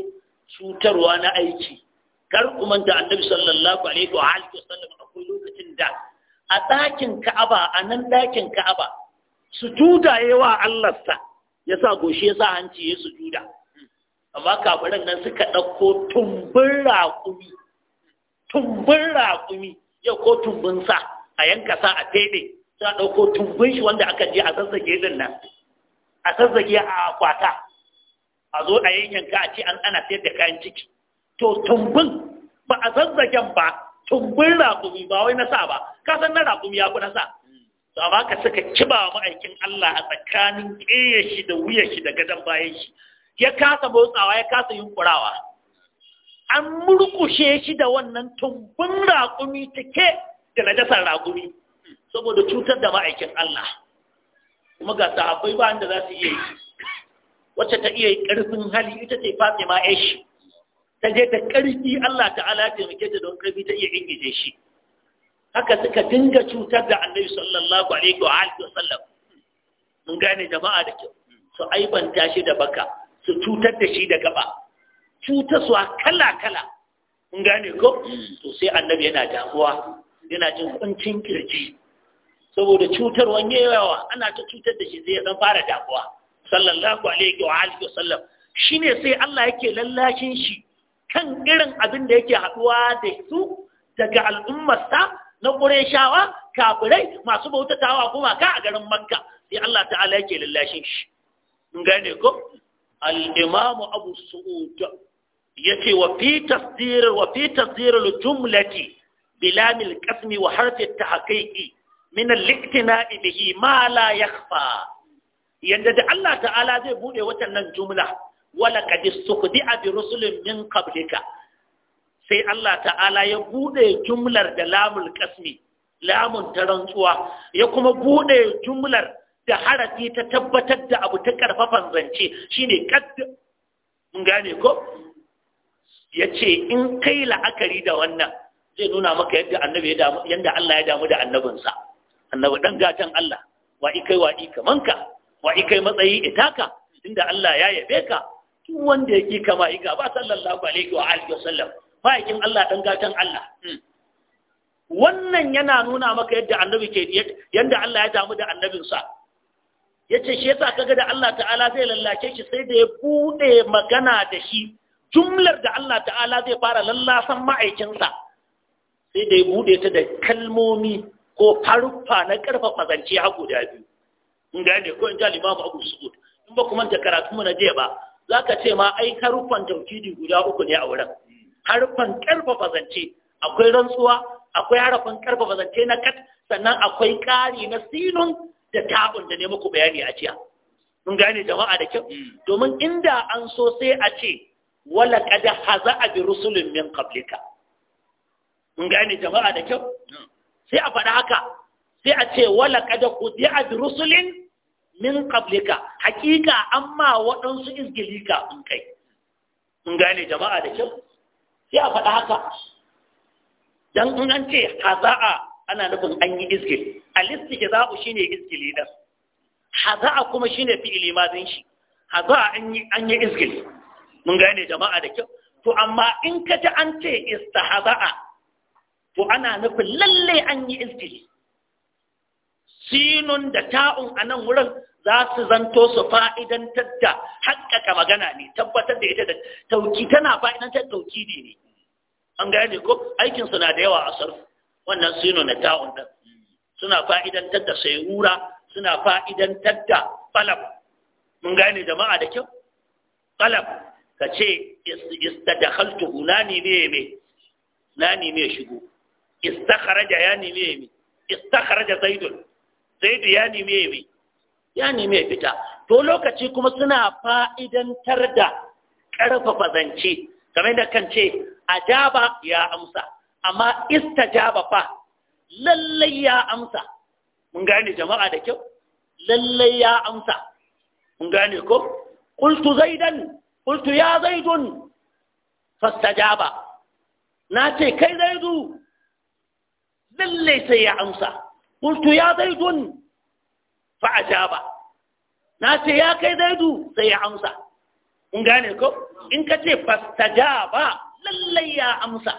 [SPEAKER 1] cutarwa na aiki kar ku manta annabi sallallahu alaihi wa alihi wa sallam akwai lokacin da a ɗakin Ka'aba a nan ɗakin Ka'aba sujuda yawa sa ya sa goshi ya sa hanci ya sujuda amma kafirin nan suka ɗauko tumbin raƙumi tumbin raƙumi yau ko tumbin sa a yanka sa a tebe sai dauko ɗauko tumbin shi wanda aka je a sassake din nan a sassake a kwata a zo a yanka a ce an ana sayar da kayan ciki to tumbin ba a sassaken ba tumbin raƙumi ba wai na sa ba Kasan na raƙumi ya fi na sa to amma ka saka kiba ma'aikin Allah a tsakanin ƙeyar shi da wuyar shi da gadon bayan shi ya kasa motsawa ya kasa yunkurawa an murkushe shi da wannan tumbin raƙumi take da najasar raƙumi saboda cutar da ma'aikin Allah kuma ga sahabbai ba da za su iya yi wacce ta iya yi ƙarfin hali ita ce fatima aishi ta je ta ƙarfi Allah ta'ala taimake ta don ƙarfi ta iya ingije shi haka suka dinga cutar da annabi sallallahu alaihi wa alihi wasallam mun gane jama'a da kyau su aibanta shi da baka su cutar da shi da gaba cutarwa kala kala mun gane ko to sai annabi yana damuwa yana jin kuncin kirji saboda cutar wanye yawa ana ta cutar da shi sai ya fara damuwa sallallahu alaihi wa alihi wasallam shine sai Allah yake lallashin shi kan irin abin da yake haduwa da su daga al'ummarsa na ƙureshawa kafirai masu bauta tawa kuma ka a garin makka sai Allah ta'ala yake lallashin shi gane ko al-imamu abu su'ud ya ce wa fi tafsir wa fi tafsir jumlati bi wa harfi tahqiqi min al-iqtina'i bihi ma la yakhfa yanda da Allah ta'ala zai bude wannan jumla wala qad sukdi'a bi rusulin min qablika sai Allah ta'ala ya buɗe jumlar da lamul kasmi lamun ta rantsuwa ya kuma buɗe jumlar da harafi ta tabbatar da abu ta karfafan zance shine kad mun gane ko yace in kai la'akari da wannan zai nuna maka yadda annabi ya damu yanda Allah ya damu da annabinsa annabi dan gatan Allah wa ikai wa ikamanka wa ikai matsayi itaka inda Allah ya yabe ka duk wanda yake kama iga ba sallallahu alaihi wa alihi wasallam ma'aikin Allah dan gatan Allah wannan yana nuna maka yadda annabi ke yadda Allah ya damu da annabinsa yace shi yasa kaga da Allah ta'ala zai lallace shi sai da ya buɗe magana da shi jumlar da Allah ta'ala zai fara lallasan ma'aikinsa sai da ya bude ta da kalmomi ko farfa na karfafa zance ha guda biyu in ga ne, ko in ji limamu abu su'ud in ba kuma ta karatu mu na jiya ba zaka ce ma ai haruffan tauhidi guda uku ne a wurin harfan karfafa zance akwai rantsuwa akwai harfan karfafa zance na kat sannan akwai ƙari na sinun da tabun da ne muku bayani a ciya mun gane jama'a da kyau mm. domin inda an so sai a ce wala qad haza bi rusulin min qablika mun gane jama'a da kyau mm. sai a faɗa haka sai a ce wala qad qudiya bi rusulin min qablika hakika amma waɗansu izgilika mun kai mun gane jama'a da kyau ya faɗa haka dan in an ce haza'a ana nufin an yi izgil al shi shine izgili da haza'a kuma shine fi'ili mazin shi haza'a an yi an izgil mun gane jama'a da kyau to amma in ka ji an ce haza'a, to ana nufin lalle an yi izgili sinun da ta'un a nan wurin za su zanto su fa'idantar da haƙƙaƙa magana ne tabbatar da ita da tauki tana fa'idantar tauki ne an gane ko aikin suna da yawa a sarfu wannan sino na ta'un da suna fa'idantar da sayura suna fa'idantar da qalab mun gane jama'a da kyau qalab ka ce istadakhaltu na ne me na ne me shigo istakharaja ya ne me istakharaja zaidun zaidu ya ya yi me ya nemi ya fita to lokaci kuma suna fa'idantar da ƙarfafa zance game da kan ce a jaba ya amsa amma jaba fa lallai ya amsa mun gane jama'a da kyau lallai ya amsa mun gane ko zai zaidan Kultu ya zaidun jaba. na ce kai zaidu lallai sai ya amsa Kultu ya zaidun Fa'ajaba na ce ya kai zaidu sai ya amsa in gane ko in ka ce fastajaba lallai ya amsa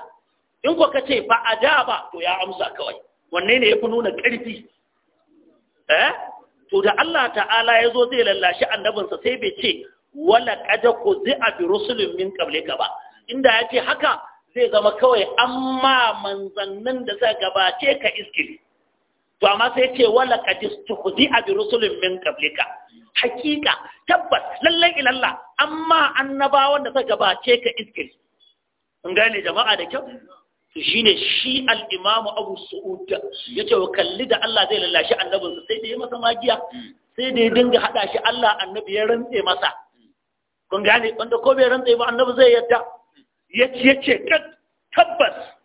[SPEAKER 1] in ko ka ce fa ajaba to ya amsa kawai wanne ne ya fi nuna ƙarfi? eh to da Allah ta'ala ya zo zai lallashi annabinsa sai bai ce wala ƙaja ku zai a bi rusulun min ka ba inda ya ce haka zai zama kawai amma manzannin da sa gabace ka iskili to amma sai ce wala qad istuhzi'a bi rusulin min qablika hakika tabbas lallai ilalla amma annabawan da suka gabace ka iskil in gane jama'a da kyau shi ne shi al al'imamu abu su'ud yace wa kalli da Allah zai lallashi annabinsa sai da ya masa magiya sai da ya dinga haɗa shi Allah annabi ya rantse masa kun gane wanda ko bai rantse ba annabi zai yadda ya ce tabbas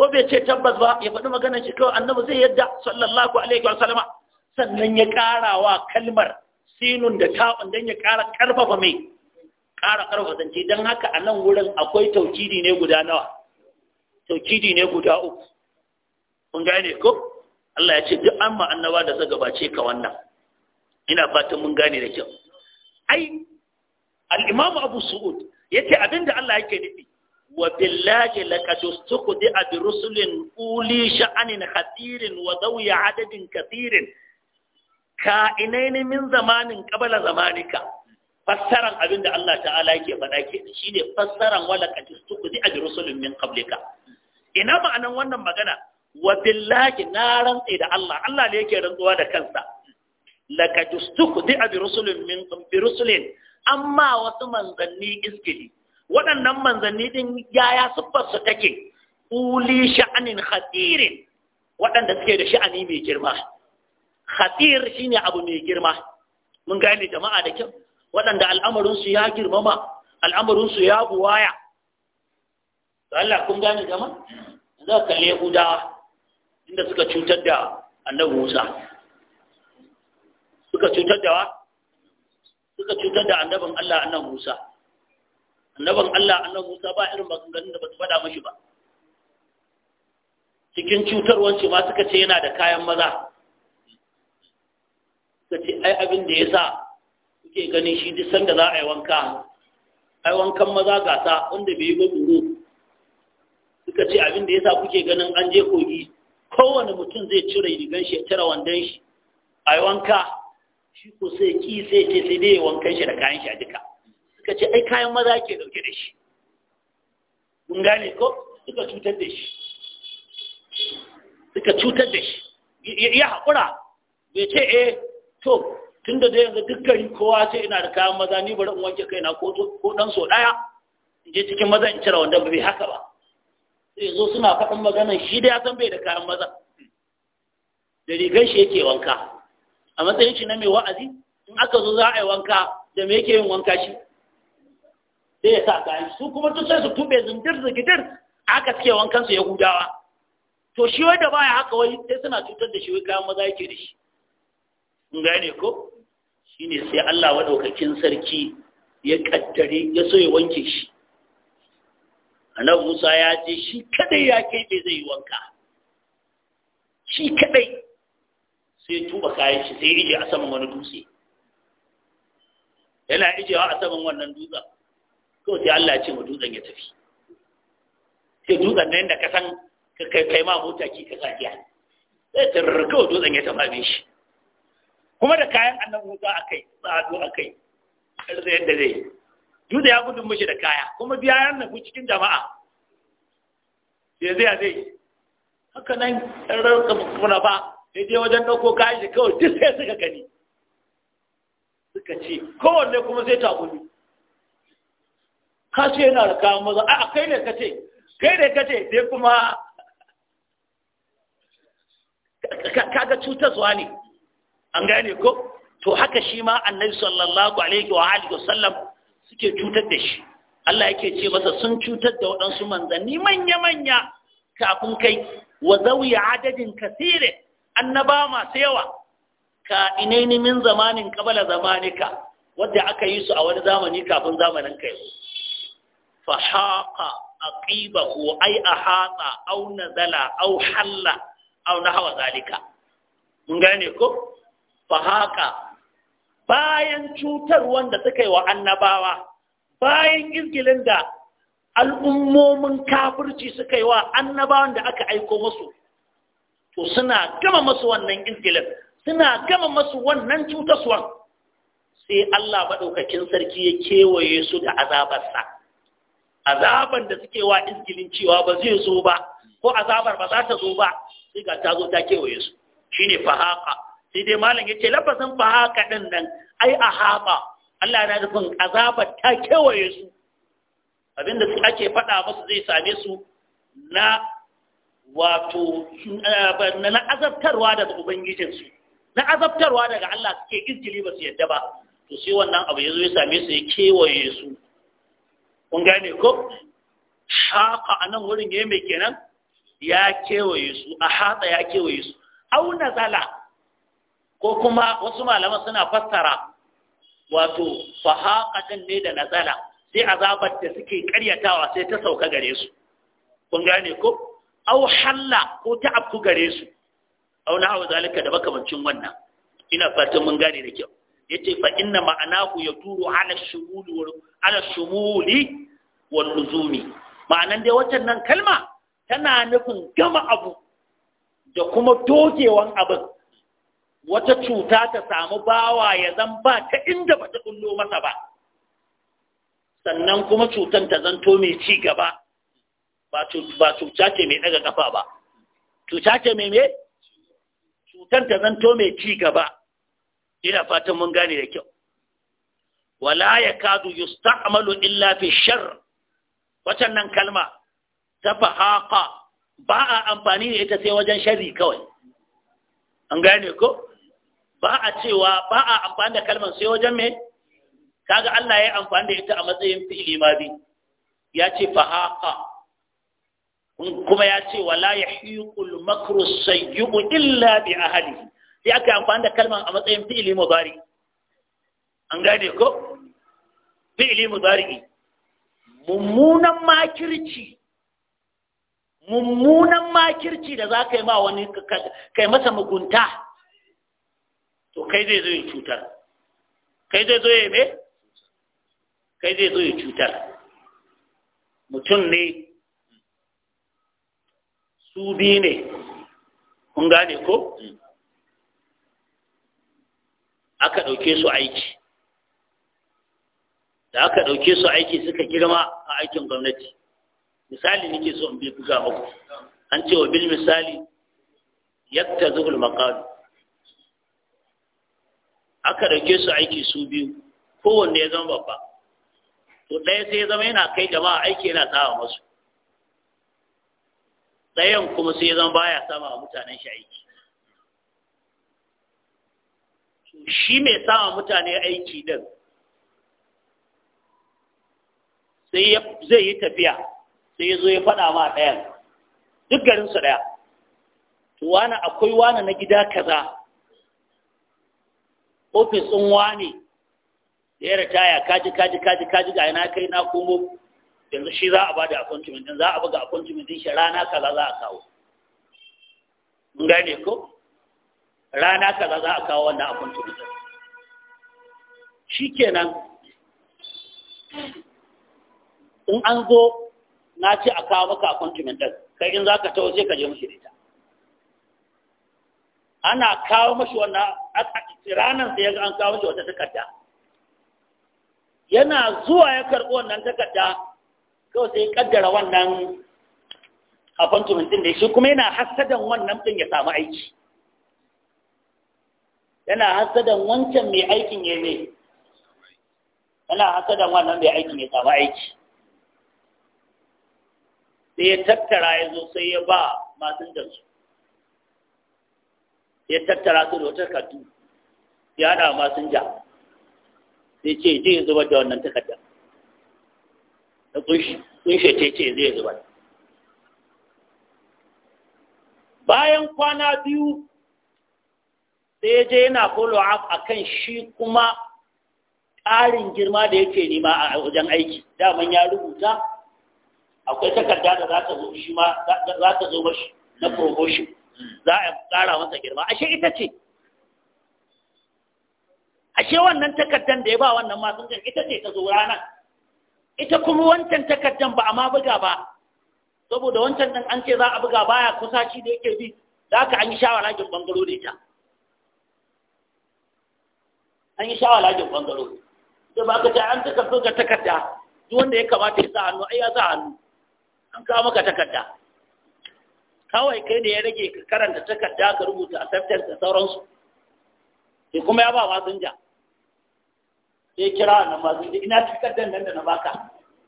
[SPEAKER 1] ko bai ce tabbas ba ya faɗi maganar shi kawai annabi zai yadda sallallahu alaihi wa sallama sannan ya ƙara wa kalmar sinun da ta'un don ya ƙara ƙarfafa mai ƙara ƙarfafa zance don haka a nan wurin akwai taukidi ne guda nawa taukidi ne guda uku kun gane ko Allah ya ce duk an ma annaba da zaga bace ka wannan ina fatan mun gane da kyau ai al-imamu abu su'ud yace abinda Allah yake nufi وبالله لقد استخدع برسل أولي شأن خطير وذوي عدد كثير كائنين من زمان قبل زمانك fassaran abin da Allah ta'ala yake faɗa ke shi ne fassaran wala ka tustuku zai rusulun min qablika ina ma'anan wannan magana wa billahi na rantsi da Allah Allah ne yake rantsuwa da kansa laka tustuku zai rusulun min amma wasu manzanni iskili waɗannan manzanni din yaya siffar su take uli sha'anin khatirin waɗanda suke da sha'ani mai girma khatir shine abu mai girma mun gane jama'a da kyau waɗanda al'amarinsu ya girmama al'amarinsu ya buwaya Allah kun gane jama'a za ka kalle Yahudawa inda suka cutar da annabi Musa suka cutar da suka cutar da annabin Allah annabi Musa annaban Allah annaban Musa ba irin maganganun da ba su faɗa mashi ba cikin cutarwar ce ma suka ce yana da kayan maza suka ce ai abin da ya sa kuke ganin shi duk sanda za a yi wanka ai wankan maza gasa wanda bai yi ba tsoro suka ce abin da ya sa kuke ganin an je kogi kowane mutum zai cire rigan shi ya cire wandon shi ai wanka shi ko sai ki sai ce sai dai wankan shi da kayan shi a duka Ka ce ai kayan maza ke dauke da shi Mun gane ko suka cutar da shi suka cutar da shi ya haƙura bai ce eh to tun da zai yanzu dukkan kowa sai ina da kayan maza ni bari in wanke kaina ko dan so ɗaya in je cikin maza in cire wanda bai haka ba sai zo suna faɗin maganar shi da ya san bai da kayan maza da rigar shi yake wanka a matsayin shi na mai wa'azi in aka zo za a yi wanka da me yake yin wanka shi sai ya sa gayi su kuma duk sai su tube zindir zigidir aka suke wankan su gudawa. to shi wanda baya haka wai sai suna cutar da shi wai kayan maza yake da shi in gane ko shine sai Allah madaukakin sarki ya kaddare ya so ya wanke shi annabi Musa ya ce shi kadai ya kai bai zai wanka shi kadai sai tuba kayan shi sai ije a saman wani dutse yana ijewa a saman wannan dutsen ko sai Allah ya ce mu dutsen ya tafi ke dutsen nan da ka san kai kai ma mota ki ka sakiya sai tarrr dutsen ya tafi shi kuma da kayan annan musa a kai tsado a kai ƙarfi yadda zai Dutsen ya gudun mashi da kaya kuma biya yan nufi cikin jama'a sai zai zai haka nan ɗarar kuma ba sai dai wajen ɗauko kayan shi kawai duk sai suka gani suka ce kowanne kuma sai ta gudu ka ce yana da kawo maza a kai ne ka ce kai ne ka ce dai kuma kaga cutarwa ne an gane ko to haka shi ma annabi sallallahu alaihi wa alihi wasallam suke cutar da shi Allah yake ce masa sun cutar da waɗansu manzanni manya-manya kafin kai wa zawi adadin kasire annaba masu yawa ka inaini min zamanin kabala zamanika wadda aka yi su a wani zamani kafin zamanin kai fa haqa aqibahu ay ahata aw nazala aw halla aw nahwa zalika mun gane ko fa haqa bayan cutar wanda suka yi wa annabawa bayan izgilin da al'ummomin kafirci suka yi wa annabawan da aka aiko musu to suna gama masu wannan izgilin suna gama masu wannan cutaswan sai Allah maɗaukakin sarki ya kewaye su da azabarsa azaban da suke wa izgilin cewa ba zai zo ba ko azabar ba za ta zo ba sai ga ta zo ta kewaye su shine fahaka sai dai malam yace lafazin fahaka din nan ai ahaba Allah yana nufin azabar ta kewaye su abinda ake faɗa musu zai same su na wato eh, na azabtarwa daga su, na azabtarwa daga Allah suke izgili ba su yadda ba to sai wannan abu ya zo ya same su ya kewaye su kun gane ko shaqa anan wurin yayi mai kenan ya kewaye su a hada ya kewaye su au nazala ko kuma wasu malaman suna fassara wato fahaqatan ne da nazala sai azabar da suke karyatawa sai ta sauka gare su kun gane ko au halla ko ta afku gare su au na hawa zalika da makamancin wannan ina fatan mun gane da kyau yace fa inna ma'anahu yaduru ala shumuli wa ala shumuli wa nuzumi ma'anan dai wannan nan kalma tana nufin gama abu da kuma dogewan abu wata cuta ta samu bawa ya zan ba ta inda ba ta kullo masa ba sannan kuma cutan ta zanto mai ci gaba ba cuta ce mai daga kafa ba cuta ce mai mai cutan ta zanto mai ci gaba ina fatan mun gane da kyau wala ya yakadu yusta'malu illa fi shar watannan kalma ta fahaqa ba a amfani da ita sai wajen sharri kawai an gane ko ba a cewa ba a amfani da kalman sai wajen me kaga Allah ya amfani da ita a matsayin fili ma bi ya ce fahaqa kuma ya ce wala yahiqul makru sayyi'u illa bi ahlihi sai aka yi amfani da kalmar a matsayin fi'ili mudari an gane ko fi'ili mudari mummunan makirci mummunan makirci da za ka yi ma wani kai masa mugunta to kai zai zo ya cutar kai zai zo ya me kai zai zo ya cutar mutum ne su biyu ne kun gane ko aka ɗauke su aiki da aka ɗauke su aiki suka girma a aikin gwamnati misali nake so in bi buga muku an ce wa bil misali yadda zuhul maqalu aka ɗauke su aiki su biyu kowanne ya zama babba to ɗaya sai ya zama yana kai jama'a aiki yana sawa masu ɗayan kuma sai ya zama baya sama a mutanen shi aiki shi mai sama mutane aiki din sai zai yi tafiya sai ya zo ya faɗa ma ɗayan duk garinsu ɗaya wani akwai wani na gida kaza ofis ɗin wani ya ritaya kaji kaji kaji kaji ga yana kai na komo yanzu shi za a ba da din za a buga din shi rana kaza za a kawo mun gane ko rana kaza za a kawo wannan abin turizm shikenan in an zo na ce a kawo maka appointment din kai in ka taho sai ka je da ita ana kawo mashi wannan ranar da ya ga an kawo mashi wata takarda yana zuwa ya karɓi wannan takarda kawai sai kaddara wannan appointment ɗin da shi kuma yana hasadan wannan ɗin ya samu aiki yana hasadan wancan mai aikin ya ne yana hasadan wannan mai aikin ya samu aiki sai ya tattara ya zo sai ya ba masu su ya tattara su da wata takardu ya da masu ja sai ce zai zubar da wannan takardar da kunshe ce ce zai zubar bayan kwana biyu sai je yana follow a kan shi kuma ƙarin girma da yake nima a wajen aiki daman ya rubuta akwai takarda da za ta zo shi ma za ta zo mashi na promotion za a ƙara masa girma ashe ita ce ashe wannan takardan da ya ba wannan masu jan ita ce ta zo rana ita kuma wancan takardan ba a ma buga ba saboda wancan ɗan an ce za a buga baya kusa shi da yake bi za ka an yi shawara gin bangaro da ita an yi shawara ajin ɓangaro da ba ka ta an so ga takarda duk wanda ya kamata ya sa hannu ai ya sa hannu an kawo maka takarda kawai kai ne ya rage ka karanta takarda ka rubuta a tafiyar da sauransu sai kuma ya ba ja sai kira nan masinja ina takardar nan da na baka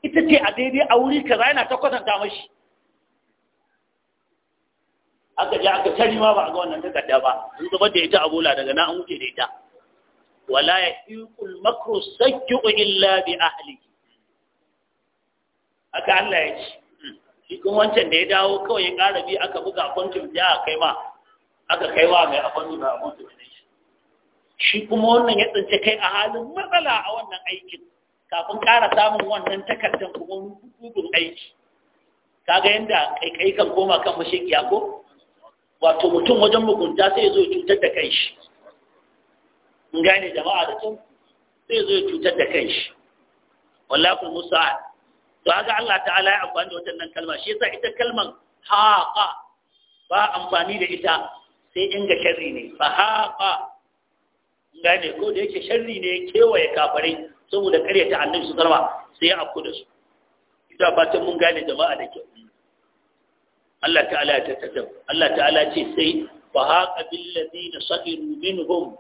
[SPEAKER 1] ita ce a daidai a wuri ka za yana ta kwatanta mashi aka je aka tari ma ba a ga wannan takarda ba sun zubar da ita a bola daga na an wuce da ita wala ya iqul makru sajju illa bi ahlihi aka Allah ya ce shi kuma wancan da ya dawo kawai ya ƙara bi aka buga kwantum da aka kai ma aka kai wa mai abin da abin da ne shi kuma wannan ya tsince kai a halin matsala a wannan aikin kafin ƙara samun wannan takardar kuma rubutun aiki kaga yanda kai kan koma kan mashigiya ko wato mutum wajen mugunta sai ya zo cutar da kai shi in gane jama'a da tun sai zo ya cutar da kanshi wallahi musa, to haka Allah ta'ala ya amfani da wannan kalma shi yasa ita kalman haqa ba amfani da ita sai in ga sharri ne fa haqa gane ko da yake sharri ne kewaye kafirai saboda karyata annabi su karba sai ya afku da su ita fatan mun gane jama'a da kyau Allah ta'ala ya tattabu Allah ta'ala ce sai fa haqa bil ladina sa'iru minhum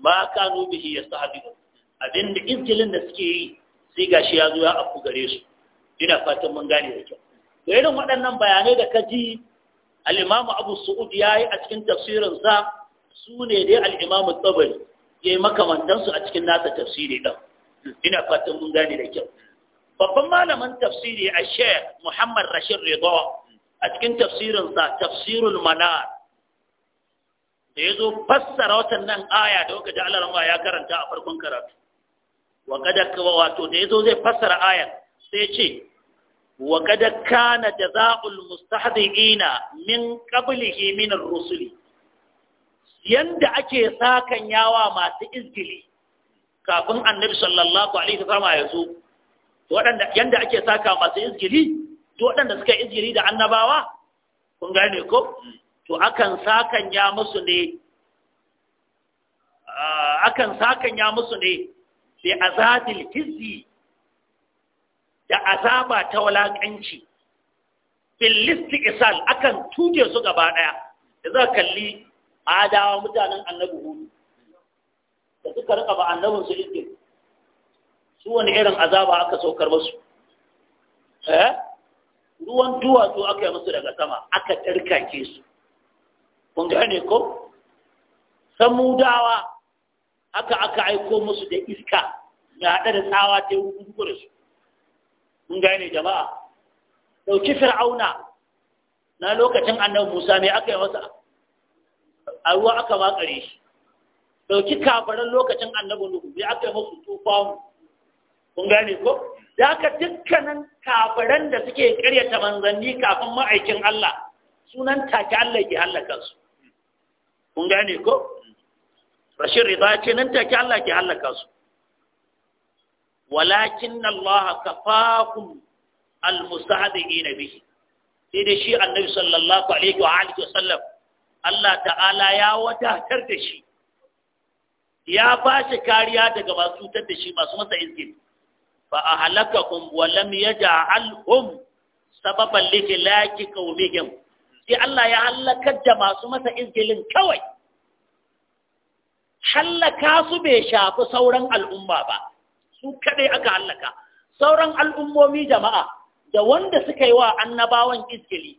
[SPEAKER 1] ma kanu bihi yastahbibu abinda izgilin da suke yi sai gashi ya zo ya afku gare su ina fatan mun gane da kyau to irin waɗannan bayanai da kaji al-Imam Abu Su'ud yayi a cikin tafsirin sa su ne dai al-Imam Tabari yayi makamantan su a cikin nasa tafsiri din ina fatan mun gane da kyau babban malamin tafsiri a Sheikh Muhammad Rashid Ridha a cikin tafsirin sa Tafsirul Manar da ya zo fassara watannan aya da kuka ji Allah ya karanta a farkon karatu wa kada wato da ya zo zai fassara ayan sai ce wa kada kana jazaa'ul mustahdiina min qablihi min ar-rusuli yanda ake sakan yawa masu izgili kafin annabi sallallahu alaihi wasallam ya zo waɗanda yanda ake saka masu izgili to waɗanda suka izgili da annabawa kun gane ko to akan sakan ya musu ne akan sakan ya musu ne bi azabil hizzi da azaba ta walakanci bil isal akan tuje su gaba daya da za kalli adawa mutanen annabi hudu da suka rika ba annabin su iske su wani irin azaba aka saukar musu eh ruwan duwatsu aka yi musu daga sama aka tarkake su kun gane ko samudawa haka aka aiko musu da iska ya haɗa da tsawa ta rukuku da su kun gane jama'a ɗauki fir'auna na lokacin annabi musa mai aka yi masa a ruwa aka makare shi ɗauki kafaran lokacin annabi nuhu mai aka yi musu tufanu kun gane ko da haka dukkanin kafaran da suke karyata manzanni kafin ma'aikin Allah sunan take Allah ke hallaka su kun gane ko rashin rida ce nan take Allah ke halaka su walakin Allah kafakum almustahdiina bihi sai dai shi annabi sallallahu alaihi wa alihi wa sallam Allah ta'ala ya wadatar da shi ya ba shi kariya daga masu cutar da shi masu masa izgin fa ahlakakum wa lam yaj'alhum sababan li tilaki qaumihim sai Allah ya hallakar da masu masa izgilin kawai hallaka su bai shafi sauran al'umma ba su kadai aka hallaka sauran al'ummomi jama'a da wanda suka yi wa annabawan izgili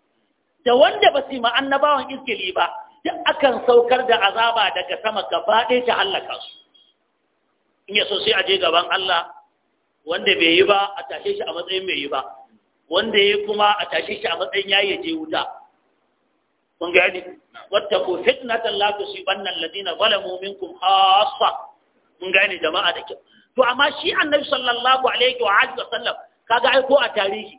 [SPEAKER 1] da wanda ba su yi annabawan izgili ba duk akan saukar da azaba daga sama gaba ɗaya ta hallaka su in yaso sai a je gaban Allah wanda bai yi ba a tashe shi a matsayin bai yi ba wanda ya kuma a tashe shi a matsayin yayi je wuta kun gani wattaku fitnatan la tusibanna alladhina zalamu minkum khassa kun gani jama'a da kyau to amma shi annabi sallallahu alaihi wa alihi wasallam kaga ai ko a tarihi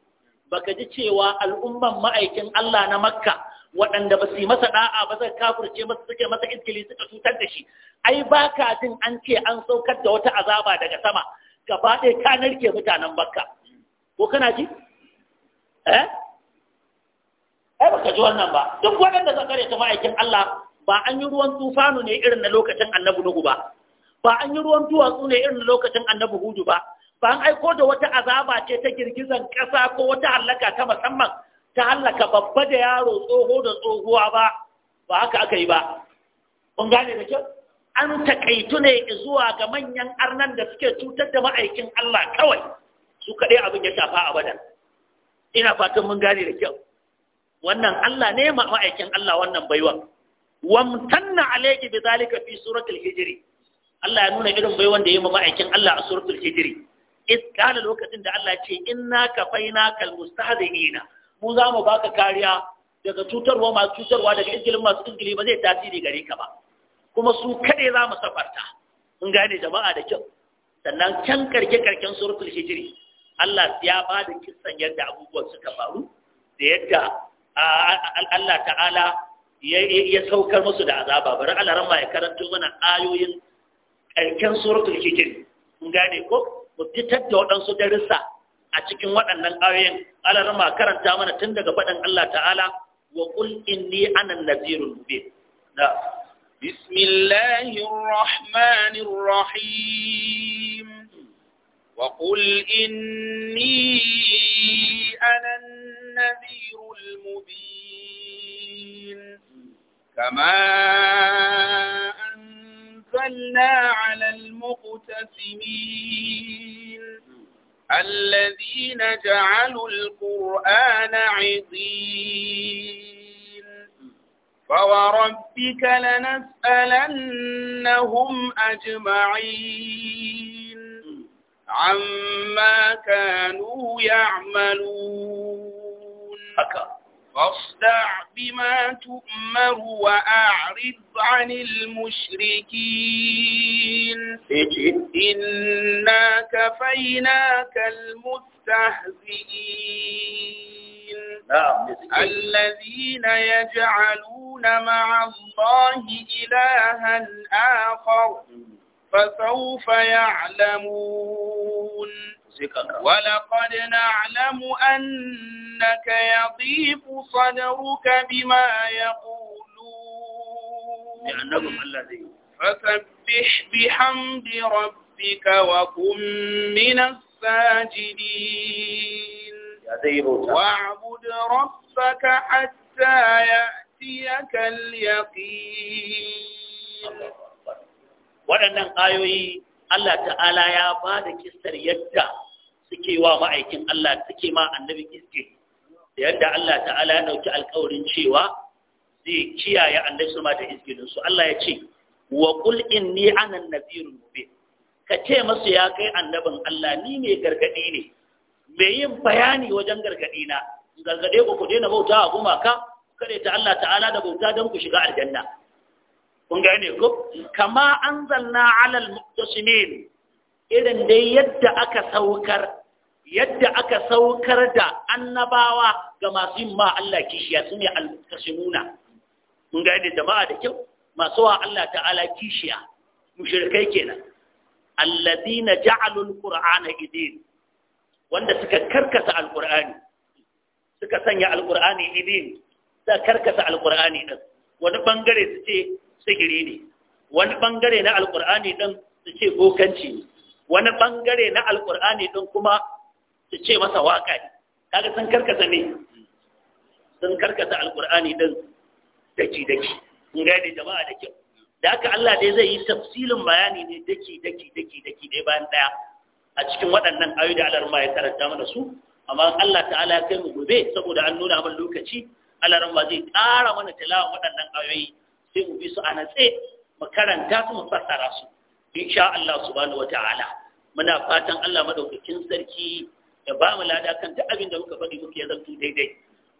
[SPEAKER 1] baka ji cewa al'umman ma'aikin Allah na Makka waɗanda ba su yi masa da'a ba zai kafirce masa suke masa iskili suka cutar da shi ai baka jin an ce an saukar da wata azaba daga sama gaba ɗaya ka narke mutanen Makka ko kana ji eh ai baka ji wannan ba duk waɗanda suka kare ta ma'aikin Allah ba an yi ruwan tufanu ne irin na lokacin annabi Nuhu ba ba an yi ruwan duwatsu ne irin na lokacin annabi Hudu ba ba an aiko da wata azaba ce ta girgizan ƙasa ko wata halaka ta musamman ta halaka babba da yaro tsoho da tsohuwa ba ba haka aka yi ba kun gane da kyau an takaitu ne zuwa ga manyan arnan da suke cutar da ma'aikin Allah kawai su kaɗai abin ya shafa a badan ina fatan mun gane da kyau wannan Allah ne ma'aikin Allah wannan baiwa wamtanna alayki bi zalika fi suratul hijri Allah ya nuna irin baiwan da yayi ma'aikin Allah a suratul hijri is kana lokacin da Allah ce inna kafainakal mustahzinina mu za mu baka kariya daga cutarwa masu cutarwa daga izgilin masu izgili ba zai tasiri gare ka ba kuma su kade za mu safarta mun gane jama'a da kyau sannan kyan karke karken suratul hijri Allah ya ba da kissan yadda abubuwan suka faru da yadda Allah ta'ala ya saukar musu da azaba bari alaran ya karanto mana ayoyin ƙarken suratul hijr mun gane ko mu fitar da waɗansu darussa a cikin waɗannan ayoyin alaran karanta mana tun daga faɗin Allah ta'ala wa qul inni ana nazirul mubin da
[SPEAKER 2] بسم الله الرحمن وقل إني أنا النذير المبين كما أنزلنا على المقتسمين الذين جعلوا القرآن عظيم فوربك لنسألنهم أجمعين عما كانوا يعملون فاصدع بما تؤمر وأعرض عن المشركين إنا كفيناك المستهزئين نعم، الذين يجعلون مع الله إلها آخر فسوف يعلمون ولقد نعلم أنك يضيق صدرك بما يقولون فسبح بحمد ربك وكن من الساجدين
[SPEAKER 1] واعبد
[SPEAKER 2] ربك حتى يأتيك
[SPEAKER 1] اليقين waɗannan ayoyi Allah ta'ala ya ba da kistar yadda suke wa ma'aikin Allah suke ma annabi kiske da yadda Allah ta'ala ya ɗauki alƙawarin cewa zai kiyaye annabi su ma da izgilinsu Allah ya ce wa in inni ana na nabiyul mubin ka ce masu ya kai annabin Allah ni ne gargadi ne me yin bayani wajen gargadi na gargade ku ku daina bauta a gumaka kare ta Allah ta'ala da bauta don ku shiga aljanna kun gane ko kama anzalna alal muqtasimin irin dai yadda aka saukar yadda aka saukar da annabawa ga masu yin ma Allah kishiya su ne al-muqtasimuna kun gane jama'a da kyau masu wa Allah ta'ala kishiya mushrikai kenan alladhina ja'alu al-qur'ana idin wanda suka karkasa al-qur'ani suka sanya al-qur'ani idin suka karkasa al-qur'ani din wani bangare su ce sihiri ne wani bangare na alkur'ani din su ce bokanci wani bangare na alkur'ani din kuma su ce masa waka ne kaga sun karkata ne sun karkata alkur'ani din daki daki in gane jama'a da kyau da haka Allah dai zai yi tafsilin bayani ne daki daki daki daki dai bayan ɗaya a cikin waɗannan ayoyi da alarma ya karanta mana su amma Allah ta'ala ya kai mu gobe saboda an nuna mana lokaci alarma zai ƙara mana tilawa waɗannan ayoyi sai mu bi su a natse mu karanta su mu fassara su insha Allah subhanahu wata'ala muna fatan Allah madaukakin sarki ya ba mu lada kan duk abin da muka faɗi muke ya daidai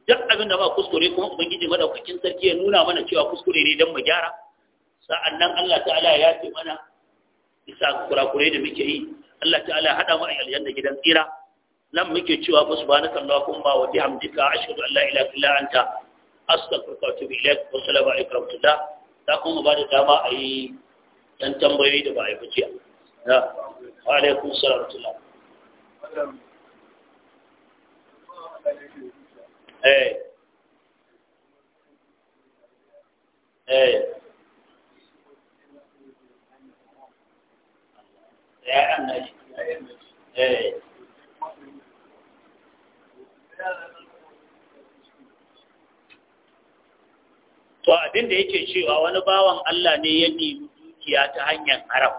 [SPEAKER 1] duk abin da ba kuskure kuma ubangiji madaukakin sarki ya nuna mana cewa kuskure ne don mu gyara sa'annan Allah ta'ala ya ce mana bisa kurakure da muke yi Allah ta'ala ya hada mu a aljanna gidan tsira nan muke cewa subhanakallahumma wa bihamdika ashhadu an la ilaha illa anta astaghfiruka wa atubu ilaik wa salamu alaikum wa ta kuma ba da dama a yi tambayoyi da ba a yi ba jiya na wa alaikum to abin da yake cewa wani bawan Allah ne ya nemi dukiya ta hanyar haram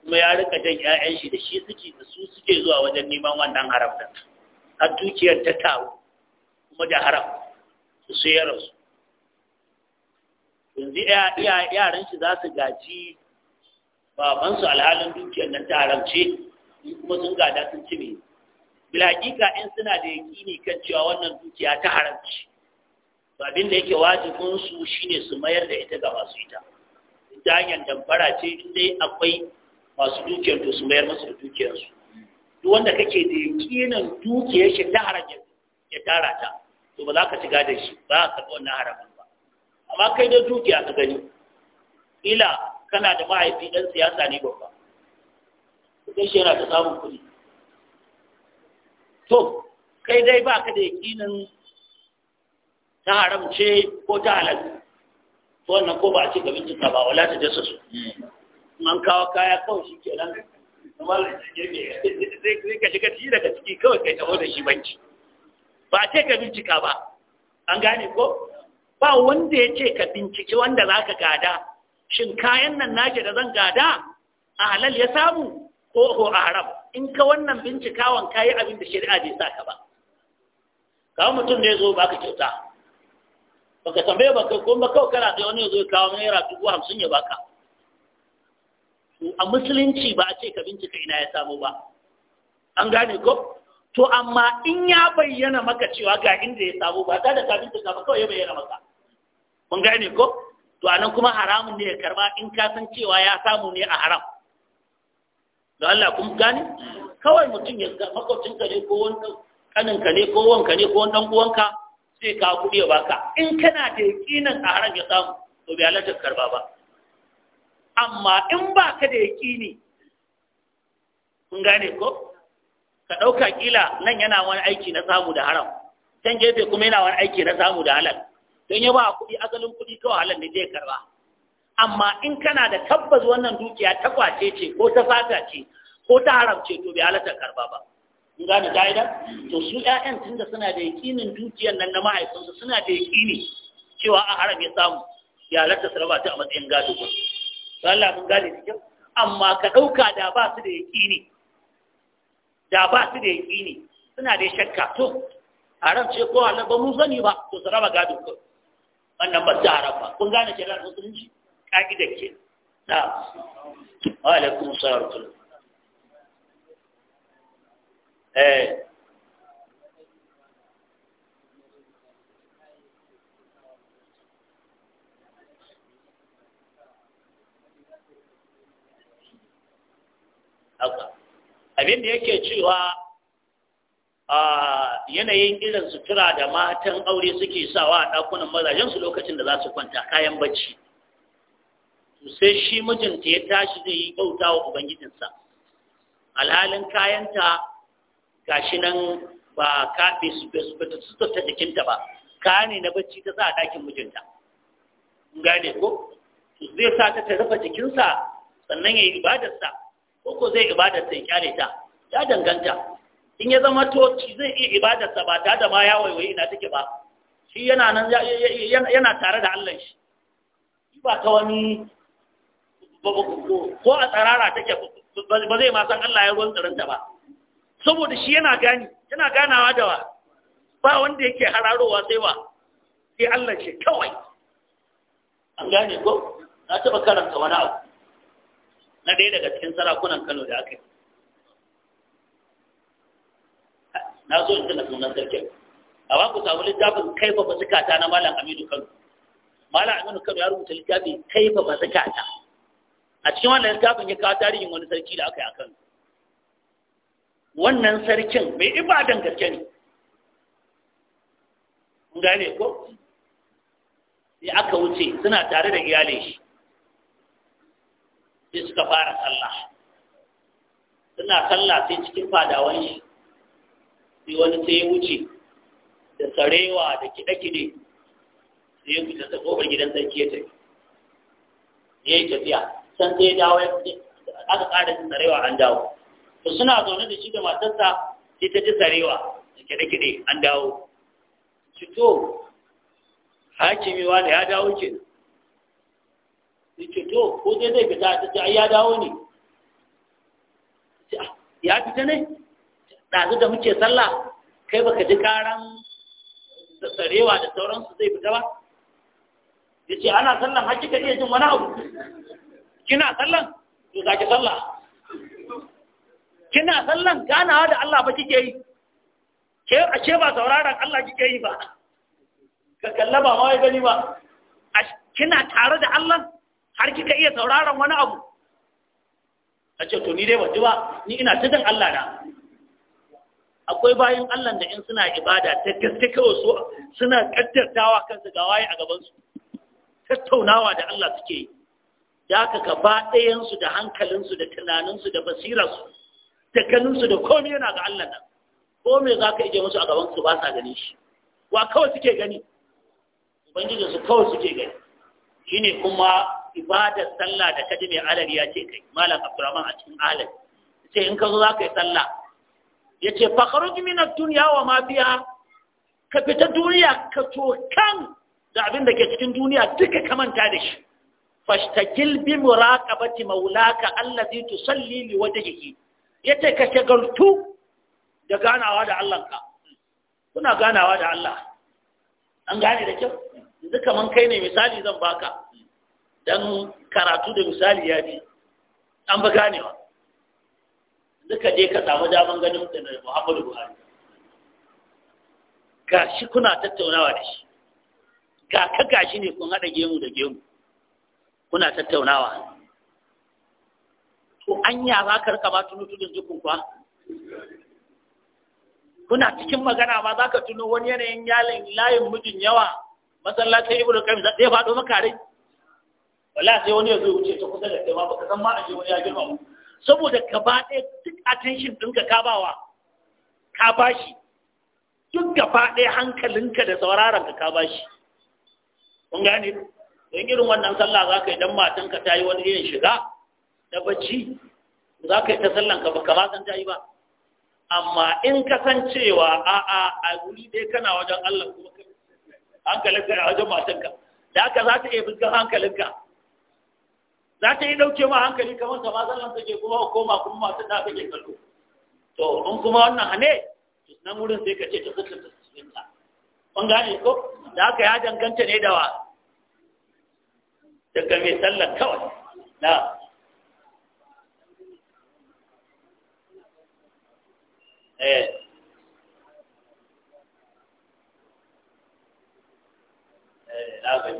[SPEAKER 1] kuma ya rika jan 'ya'yan shi da shi suke da su suke zuwa wajen neman wannan haram din har dukiyar ta tawo kuma da haram su sai ya rasu yanzu yaran shi za su gaji babansu alhalin dukiyar nan ta haramce kuma sun gada sun ci ne bila hakika in suna da ne kan cewa wannan dukiya ta haramci to abin da yake wajibin su shine su mayar da ita ga masu ita ta hanyar damfara ce in dai akwai masu dukiyar to su mayar masu da dukiyar su duk wanda kake da yakinin dukiyar shi ta harajin ya tara ta to ba za ka shiga da shi ba ka ga wannan haramin ba amma kai da dukiya ka gani ila kana da mahaifi ɗan siyasa ne babba kai shi yana ta samun kuɗi to kai dai ba ka da yakinin ta haram ce ko ta halal to wannan ko ba a ce ga bincika ba wala ta dasa su an kawo kaya kawai shi ke nan kamar zai ka shiga ciki daga ciki kawai kai taho da shi banki ba a ce ka bincika ba an gane ko ba wanda ya ce ka binciki wanda za ka gada shin kayan nan nake da zan gada a halal ya samu ko ko a haram in ka wannan bincikawan kayi abin da shari'a bai sa ka ba kawo mutum ne zo baka kyauta baka tambaye ba kai kuma kawai kana da wani zai kawo naira dubu hamsin ya baka a musulunci ba a ce ka bincika ina ya samu ba an gane ko to amma in ya bayyana maka cewa ga inda ya samu ba ta da ka bincika ba kawai ya bayyana maka mun gane ko to anan kuma haramun ne ya karba in ka san cewa ya samu ne a haram don Allah kun gane kawai mutum ya makwabcinka ne ko wani kaninka ne ko wanka ne ko wani dan uwanka sai ka kuɗi ya baka in kana da yaƙinin a haram ya samu to bai halatta karba ba amma in ba ka da yaƙini kun gane ko ka ɗauka kila nan yana wani aiki na samu da haram can gefe kuma yana wani aiki na samu da halal don ya ba kuɗi asalin kuɗi kawai halal ne zai karba amma in kana da tabbas wannan dukiya ta kwace ce ko ta fata ce ko ta haram ce to bai halatta karba ba in gane ka'ida to su ƴaƴan tunda suna da yaƙinin dukiyar nan na mahaifinsu suna da yaƙini cewa a haram ya samu ya halatta su ta a matsayin gado ba to Allah mun gane cikin amma ka ɗauka da ba su da yaƙini da ba su da yaƙini suna da shakka to haram ce ko halal ba mun sani ba to su raba gado ko wannan ba su haram ba kun gane da musulunci ka'idar ke na wa alaikum salam Eh. abin da yake cewa a yanayin irin sutura da matan aure suke sawa a ɗakunan mazajensu lokacin da za su kwanta kayan bacci sai shi mijinta ya tashi zai yi bauta wa ubangijinsa alhalin kayanta gashi nan ba ka be su be su ta sutura jikinta ba ka ne na bacci ta sa a dakin mijinta gane ko zai sa ta ta rufe jikinsa sannan ya yi ibadarsa ko ko zai ibadarsa ya kyale ta ya danganta in ya zama to zai iya ibadarsa ba ta da ma ya waiwaye ina take ba shi yana nan yana tare da Allah shi shi ba ta wani ko a tsarara take ba zai ma san Allah ya ruwan tsarinta ba saboda shi yana gani yana ganawa da wa ba wanda yake hararowa sai wa sai Allah ce kawai an gane ko na taɓa karanta wani abu na ɗaya daga cikin sarakunan Kano da aka yi na zo in tuna sunan sarkin a ba ku samu littafin kaifa ba na malam Aminu Kano malam Aminu Kano ya rubuta littafin kaifa ba a cikin wannan littafin ya kawo tarihin wani sarki da aka yi a Kano wannan sarkin mai ibadan gaske ne gane ko sai aka wuce suna tare da iyalin shi sai suka fara sallah suna sallah sai cikin fadawan shi sai wani sai ya wuce da sarewa da kiɗe-kiɗe sai ya fita da kofar gidan sarki ya tafi ya yi tafiya san sai ya dawo ya aka ƙara sarewa an dawo to suna zaune da shi da matarsa sai ta ji sarewa kide-kide an dawo shi to hakimi wani ya dawo ke shi to ko zai zai fita ta ce ai ya dawo ne ah, ya fita ne ɗazu da muke sallah kai baka ji karan sarewa da sauransu zai fita ba ya ce ana sallan hakika iya jin wani abu kina sallan to za ki sallah kina sallan ganawa da Allah ba kike yi ke a ce ba sauraron Allah kike yi ba ka kalla ba mai gani ba kina tare da Allah har kika iya sauraron wani abu a ce to ni dai ji ba ni ina ta Allah da. akwai bayan Allah da in suna ibada ta gaske kawai su suna kaddartawa kansu ga waye a gaban su tattaunawa da Allah suke yi da ka gaba ɗayansu da hankalinsu da tunaninsu da basirarsu Dakaninsu da komai yana ga Allah nan ko me za ka ije musu a gaban su ba sa gani shi wa kawai suke gani ubangijin su kawai suke gani shine kuma ibadar sallah da kaji mai alal ya ce kai malam abdurrahman a cikin alal ce in ka zo za ka yi sallah ya ce fakhruj min ad-dunya wa ma fiha ka fita duniya ka kan da abin da ke cikin duniya duka ka manta da shi fashtakil bi muraqabati maulaka allazi tusalli li wajhihi ya ka shagaltu da ganawa da Allahnka kuna ganawa da Allah an gane da kyau yanzu kaman kai ne misali zan baka dan karatu da misali ya bi an ba ganewa yanzu ka je ka samu daman ganin da Muhammadu Buhari ga shi kuna tattaunawa da shi ga ka gashi ne kun haɗa gemu da gemu kuna tattaunawa to anya za ka rika ba tunu tunun jikun kuwa kuna cikin magana ma za ka tunu wani yanayin yalin layin mijin yawa masallacin ibnu kamis zai faɗo maka rai wala sai wani ya zo wuce ta kusa da kai ma baka san ma a je wani ya girma mu saboda gaba ɗaya duk attention ɗinka ka bawa ka bashi duk gaba ɗaya hankalinka da sauraronka ka bashi kun gane don irin wannan sallah za ka yi don matanka ta yi wani irin shiga da bacci za ka yi ta sallan ka baka zan san ta yi ba amma in kasancewa a a a wuri dai kana wajen Allah kuma hankalinka a wajen matanka da haka za ta iya fuskar hankalinka za ta yi ɗauke ma hankali kamar ta ma sallan take kuma ko koma kuma masu da take kallo to in kuma wannan hane nan wurin sai ka ce ta sallan ta cikin ta kun gane ko da haka ya danganta ne da wa daga mai sallan kawai na eh, eh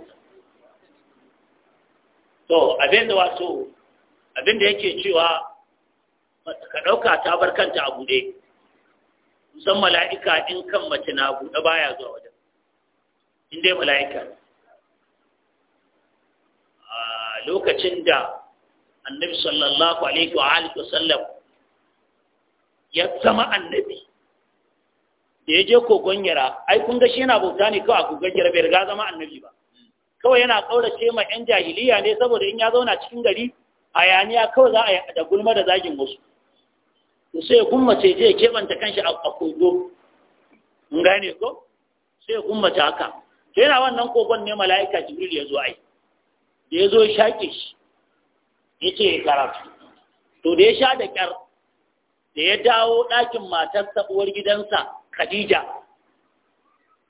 [SPEAKER 1] to abin da wato abin da yake cewa ka ɗauka ta bar kanta a buɗe san mala'ika in kan mace na buɗe baya zuwa wajen in dai mala'ika a lokacin da annabi sallallahu alaihi wa alihi ya zama annabi da ya je kogon yara ai kun ga shi yana bauta ne kawai a kogon yara bai riga zama annabi ba kawai yana kaurace ma yan jahiliya ne saboda in ya zauna cikin gari hayaniya kawai za a yi da gulma da zagin wasu to sai ya gummace je ya keɓanta kanshi a kogo in gane ko sai ya gummace haka to yana wannan kogon ne mala'ika jibril ya zo ai da ya zo ya shaƙe shi ya ce ya karatu to da ya sha da ƙyar da ya dawo ɗakin matarsa sabuwar gidansa Khadija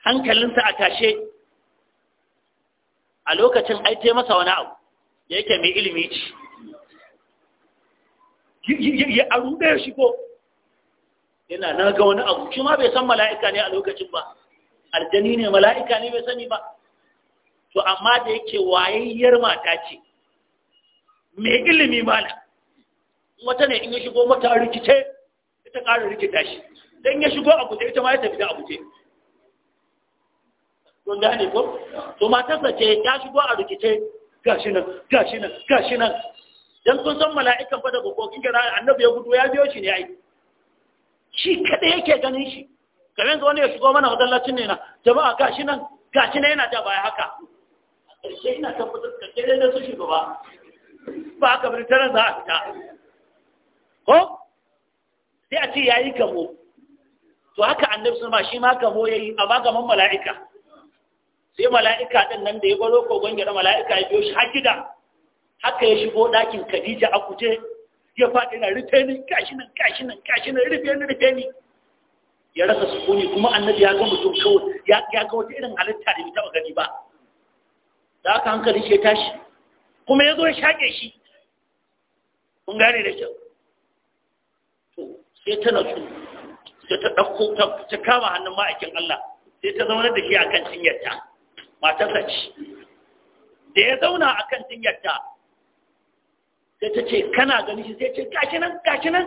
[SPEAKER 1] hankalinsa a tashe a lokacin aite masa wani abu da yake mai ilimi ci a ruɗe shi ko yana na ga wani abu shi ma bai san mala'ika ne a lokacin ba aljani ne mala'ika ne bai sani ba to amma da yake wayayyar mata ce mai ilimi mala wata ne in ya shigo mata rikice ta ƙara rikita shi don ya shigo a kuce ita ma ya tafi da a guje don gane ko to matarsa ce ya shigo a rikice gashi nan gashi nan gashi nan dan kun san mala'ikan fa daga kokin gina annabi ya gudu ya biyo shi ne ai shi kada yake ganin shi kamar ga wani ya shigo mana masallacin ne na jama'a gashi nan gashi nan yana da baya haka a ƙarshe ina tabbatar da kake da su shugaba ba haka birtaran za a fita ko sai a ce ya yi kamo to haka annabi sun ma shi ma kamo ya yi amma kaman mala'ika sai mala'ika ɗin nan da ya baro kogon gyaɗa mala'ika ya biyo shi har haka ya shigo ɗakin kadija a kuje ya faɗi na rufe ni gashi nan gashi nan gashi nan rufe ni rufe ni ya rasa su kuni kuma annabi ya ga mutum kawai ya ga wata irin halitta da bai taɓa gani ba da haka hankali shi ya tashi kuma ya zo ya shaƙe shi kun gane da kyau sai ta nasu, sai ta ɗauko ta kama hannun ma'aikin Allah sai ta zauna da shi akan cinyarta matarsa ce da ya zauna akan cinyarta sai ta ce kana gani shi sai ce gashi nan gashi nan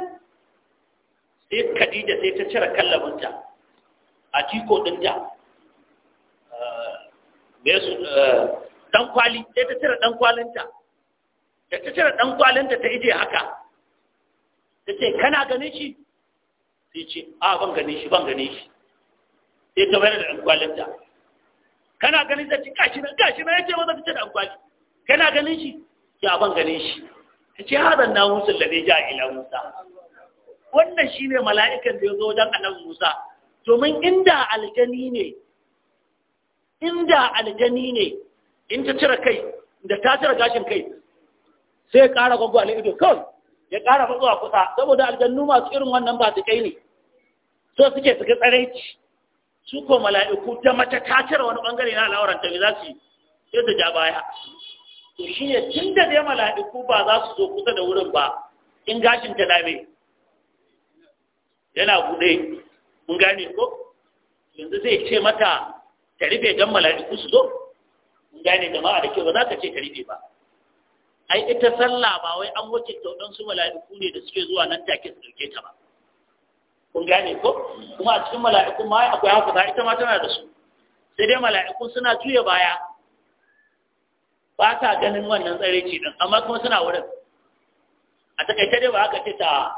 [SPEAKER 1] sai Khadija sai ta cire kallabinta a tiko ɗinta dan eh, eh, kwali sai ta cire dan kwalinta da ta cire dan kwalinta ta ije haka ta ce kana ganin shi sai ce a ban gane shi ban gane shi sai ta bayar da ɗankwalinta kana ganin ta ci gashi na gashi na yace maza fita da ɗankwali kana ganin shi ya ban gane shi ta ce hadan na musu da ne ja ila musa wannan shi ne mala'ikan da ya zo wajen annabi musa domin inda aljani ne inda aljani ne in ta cire kai da ta cire gashin kai sai ya ƙara na ido kawai ya ƙara matsuwa kusa saboda aljannu masu irin wannan ba su kai ne so suke suka tsare ci su ko mala'iku ta mace ta cire wani bangare na al'auran ta za su sai su ja baya to shi ne tun da dai mala'iku ba za su zo kusa da wurin ba in gashin ta dame yana buɗe mun gane ko yanzu zai ce mata ta rufe don mala'iku su zo mun gane jama'a da ke ba za ka ce ta rufe ba ai ita sallah ba wai an wuce taudan su mala'iku ne da suke zuwa nan take su dauke ta ba kun gane ko kuma a cikin mala'ikun ma akwai haka ita ma tana da su sai dai mala'ikun suna juya baya ba ta ganin wannan tsareci din amma kuma suna wurin a takaice dai ba haka ce ta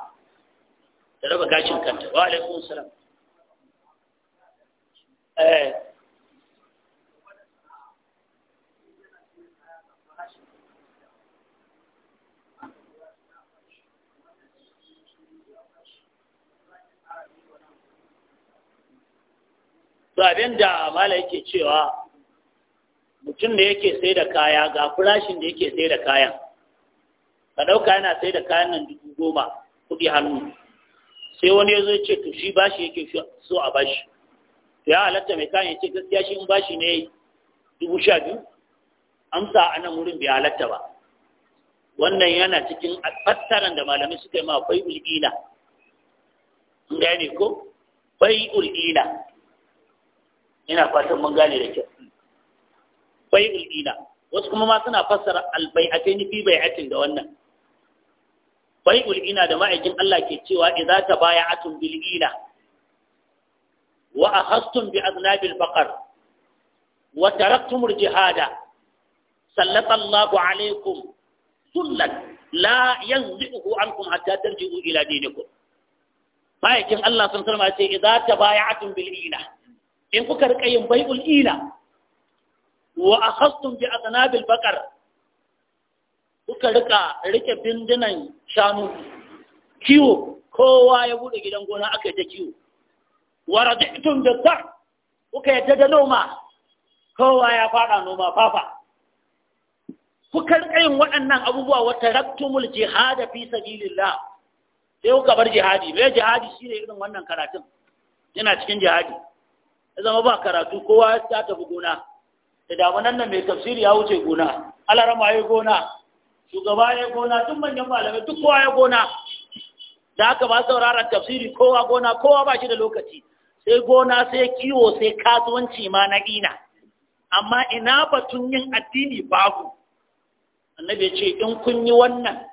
[SPEAKER 1] raba gashin kanta wa alaikum salam eh to abin da mala yake cewa mutum da yake sai da kaya ga farashin da yake sai da kayan ka ɗauka yana sai da kayan nan dubu goma kuɗi hannu sai wani ya zo ce to shi bashi yake so a bashi to ya halatta mai kayan ya ce gaskiya shi in bashi ne dubu sha biyu amsa a nan wurin bai halatta ba wannan yana cikin fassaran da malamai suka yi ma bai ul'ila ne, ko bai ul'ila ina fatan mun gane da kyau bai'ul ina wasu kuma ma suna fassara albai'atayn fi bai'atin da wannan bai'ul ina da ma'aikin Allah ke cewa idza tabaya'atum bil ina wa ahastum bi aznabil baqar wa taraktumul jihada sallata Allahu alaikum sullan la yanzihu ankum hatta tarji'u ila dinikum ma'aikin Allah sun sarma ce idza tabaya'atum bil ina in kuka rika yin bai'ul ila wa akhastum bi atnabil baqar kuka rika rike bindinan shanu kiwo kowa ya bude gidan gona aka ta kiwo wa raditum bi zar kuka yadda da noma kowa ya fada noma fafa kuka rika yin waɗannan abubuwa wa taraktumul jihad fi sabilillah sai kuka bar jihadi me jihadi shine irin wannan karatun yana cikin jihadi ya zama ba karatu kowa ya tafi gona da damu nan mai tafsiri ya wuce gona alarama ya gona shugaba ya gona duk manyan malamai duk kowa ya gona da aka ba sauraron tafsiri kowa gona kowa ba shi da lokaci sai gona sai kiwo sai kasuwanci ma na ina amma ina batun yin addini babu annabi ce in kun yi wannan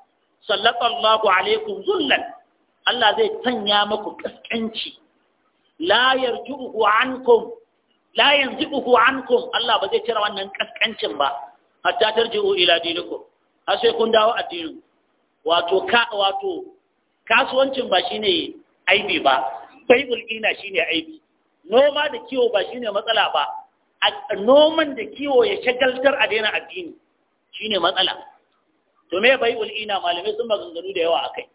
[SPEAKER 1] sallallahu alaikum zullan Allah zai sanya muku kaskanci la yarju'uhu ankum la yanzi'uhu ankum Allah ba zai cire wannan kaskancin ba hatta tarji'u ila dinikum har sai kun dawo addinin wato ka wato kasuwancin ba shine aibi ba bai'ul ina shine aibi noma da kiwo ba shine matsala ba noman da kiwo ya shagaltar a daina addini shine matsala to me ina malamai sun maganganu da yawa akai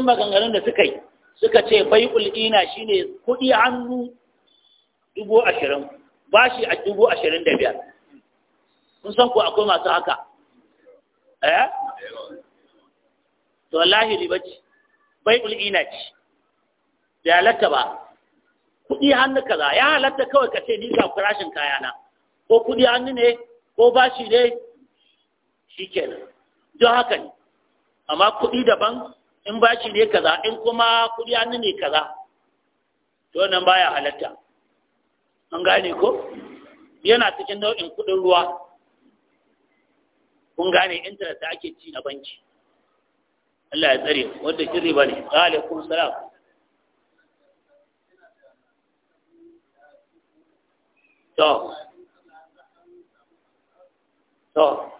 [SPEAKER 1] maganganun da suka yi suka ce ul'ina shi shine kuɗi hannu dubu ashirin shi a dubu ashirin da biyar kun san ko akwai masu haka eh to wallahi riba ce Bai ul’ina ce da halatta ba kuɗi hannu kaza ya halatta kawai ka ce ni ga farashin kayana ko kuɗi hannu ne ko ba shi ne kenan don haka ne amma kuɗi daban in bashi ne kaza in kuma kudi hannu ne kaza to nan baya halatta an gane ko yana cikin nau'in kudin ruwa kun gane intanet da ake ci na banki Allah ya tsare wanda shirri ba ne alaikum salam to to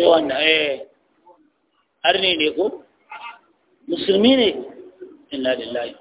[SPEAKER 1] sai wanda eh arne ne ko musulmi ne inna lillahi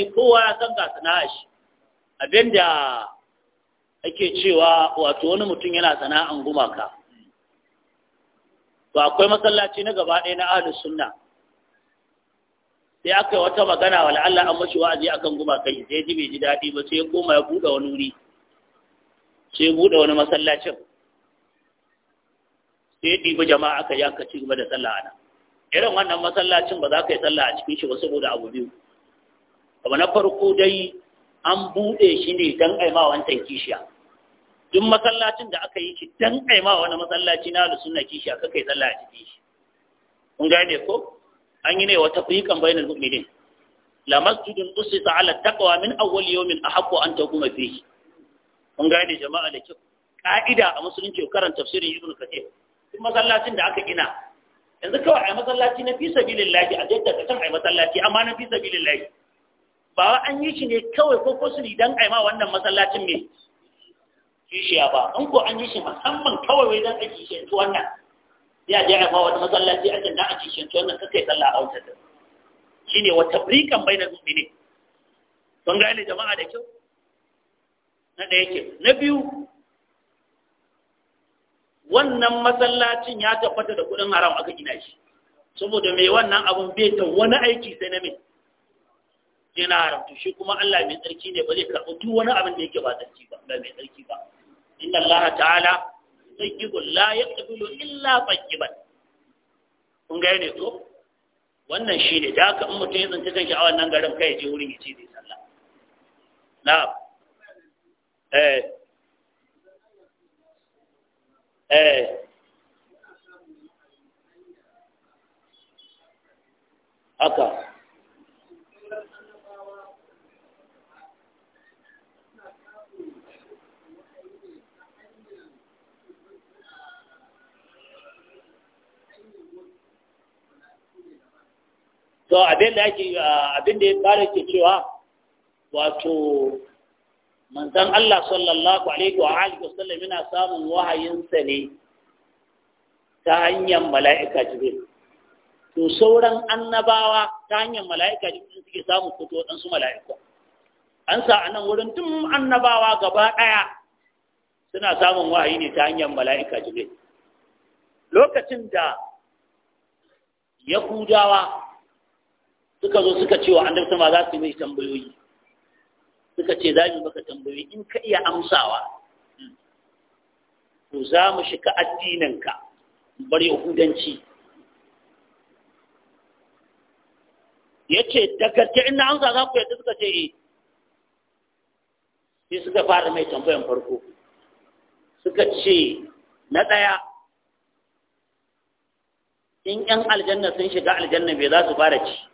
[SPEAKER 1] sani kowa ya san ga sana'a shi abinda ake cewa wato wani mutum yana sana'an gumaka to akwai masallaci na gaba ɗaya na ahlus sunna sai aka yi wata magana wa la'alla an mashi wa'azi akan gumaka sai ji bai ji daɗi ba sai ya koma ya buɗe wani wuri sai ya buɗe wani masallacin sai ya ɗiba jama'a aka yi aka ci gaba da sallah ana irin wannan masallacin ba za ka yi sallah a cikin shi ba saboda abu biyu abu na farko dai an buɗe shi ne don aima wancan kishiya duk masallacin da aka yi shi don aima wani masallaci na suna kishiya kaka yi sallah a cikin shi kun gane ko an yi ne wata fiƙan bayanin mu'minin la masjidun usisa ala taqwa min awwal yawmin ahaqqu an taquma fihi kun gane jama'a da kyau ka'ida a musulunci karanta tafsirin ibnu kathir duk masallacin da aka gina yanzu kawai a masallaci na fi sabilillahi a jaddada kan a masallaci amma na fi sabilillahi ba an yi shi ne kawai ko kusuri don aima wannan masallacin mai kishiya ba in ko an yi shi musamman kawai wai don a kishiyanci wannan ya je aima wani masallaci a can don a kishiyanci wannan kaka yi sallah a wutar shi ne wata brikan bai na zumbi ne sun gane jama'a da kyau na ɗaya ke na biyu wannan masallacin ya tabbata da kuɗin haram aka gina shi saboda mai wannan abun bai ta wani aiki sai na mai yana haramtu. shi kuma Allah mai tsarki ne ba zai karɓi duk wani abin da yake ba tsarki ba ba mai tsarki ba inna Allah ta'ala tayyibun la yaqbalu illa tayyiban kun ga ne to wannan shi ne da haka in mutum ya tsinci kanki a wannan garin kai je wurin yace ce zai sallah na eh eh haka to abin da ake abin da ya fara ke cewa wato manzon Allah sallallahu alaihi wa alihi wasallam yana samun wahayinsa ne ta hanyar mala'ika jibril to sauran annabawa ta hanyar mala'ika jibril suke samun fito dan su mala'ika an sa anan wurin tun annabawa gaba daya suna samun wahayi ne ta hanyar mala'ika jibril lokacin da yahudawa suka zo suka ce wa annabi sama za su yi mai tambayoyi suka ce za mu maka tambayoyi in ka iya amsawa to za mu shiga addininka bar yahudanci ya ce dagarce ina amsa za ku yadda suka ce eh sai suka fara mai tambayan farko suka ce na ɗaya in ‘yan aljanna sun shiga aljanna bai za su fara ci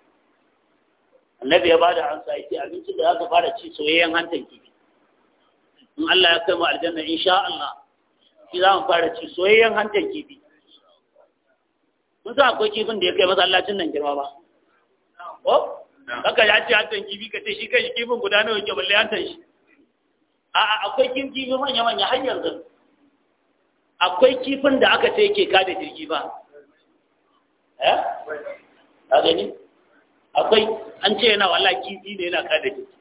[SPEAKER 1] annabi ya bada ansa yake abincin da zaka fara ci soyayyen hantan kifi in Allah ya kai mu aljanna insha Allah shi za mu fara ci soyayyen hantan kifi mun san akwai kifin da ya kai masallacin nan girma ba ko kaka ya ci hantan kifi ka ce shi shi kifin guda nawa yake balle hantan shi a'a akwai kin kifi manya manya har yanzu akwai kifin da aka ce yake kada jirgi ba eh ka gani akwai an ce yana wala kifi ne yana kada jiki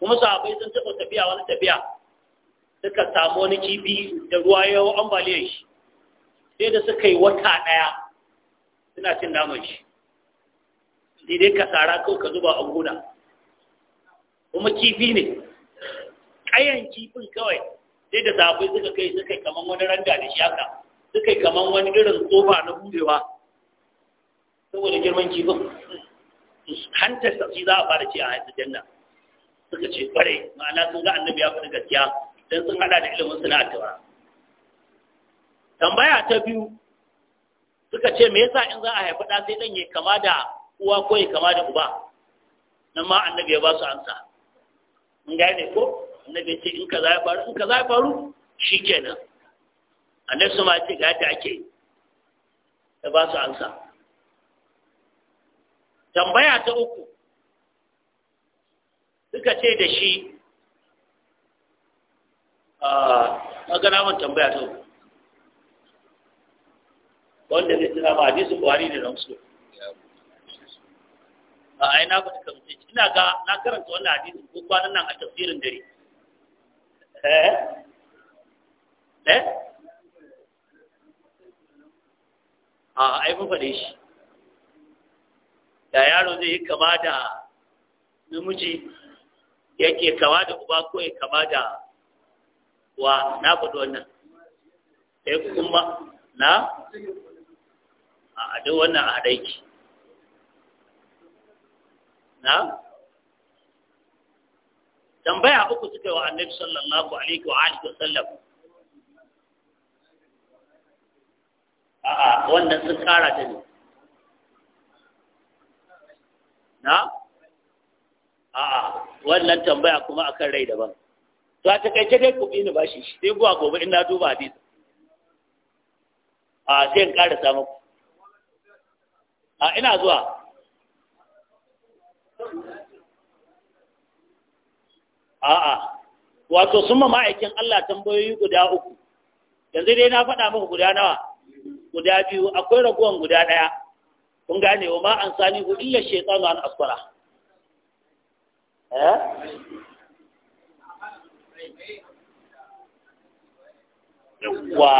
[SPEAKER 1] kuma sahabbai sun taɓa tafiya wani tafiya suka samu wani kifi da ruwa ya yawo ambaliyar shi sai da suka yi wata ɗaya suna cin naman shi sai dai ka tsara kawai ka zuba a gona kuma kifi ne ƙayan kifin kawai sai da sahabbai suka kai suka yi kamar wani randa da shi haka suka yi kamar wani irin tsofa na budewa saboda girman kifin hantar sa shi za a fara ce a haifar janna suka ce kware ma'ana sun ga annabi ya fara gaskiya don sun hada da ilimin suna tawa tambaya ta biyu suka ce me yasa in za a haifi ɗa sai ɗan ya kama da uwa ko ya kama da uba nan ma annabi ya ba su ansa in ne ko annabi ce in za ya faru in za ya faru shikenan annabi su ma ce ga yadda ake ya ba su ansa tambaya ta uku suka ce da shi a ah, magana mun tambaya ta uku wanda zai tuna ma hadisu buhari da na a ah, ai na kusa kamce ina ga na karanta wannan hadisin ko kwanan nan a tafsirin dare eh eh a ah, ai mun faɗe shi da yaro zai yi kama da namiji yake kama da uba ko ya kama da wa na faɗi wannan sai kuma na a duk wannan a haɗaiki na tambaya uku suka yi wa annabi sallallahu alaihi wa alihi wasallam a'a wannan sun kara ta ne na a'a wannan tambaya kuma akan rai daban to a takaice dai ku bi ni bashi sai zuwa gobe in na duba hadisi a sai in ƙara samu a ina zuwa a'a wato sun ma ma'aikin Allah tambayoyi guda uku yanzu dai na faɗa muku guda nawa guda biyu akwai raguwan guda ɗaya kun gane wa ma an sani hu illa shekaru an asfara eh? wa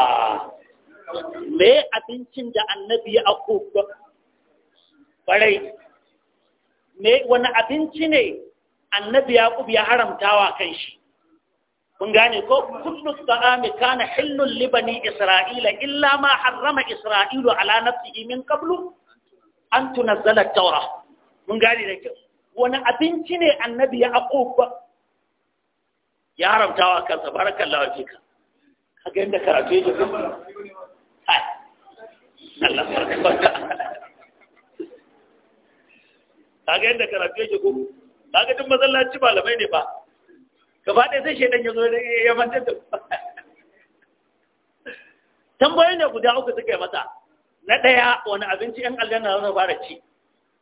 [SPEAKER 1] me abincin da annabi ya ako kwarai me wani abinci ne annabi yaqub ya haramtawa kan shi kun gane ko kullu ta'ami kana hillul libani isra'ila illa ma harrama isra'ilu ala nafsihi min qablu an tunazzala taura mun gani da kyau wani abinci ne annabi ya akoba ya haramtawa kansa ka fika ga inda karatu yake ai Allah barka kaga inda karatu ya yake ko kaga duk masallaci malamai ne ba gaba ɗaya sai shaidan ya zo ya mantar da tambayoyi da guda uku suka yi mata na ɗaya wani abinci ‘yan aljanna na ba fara ci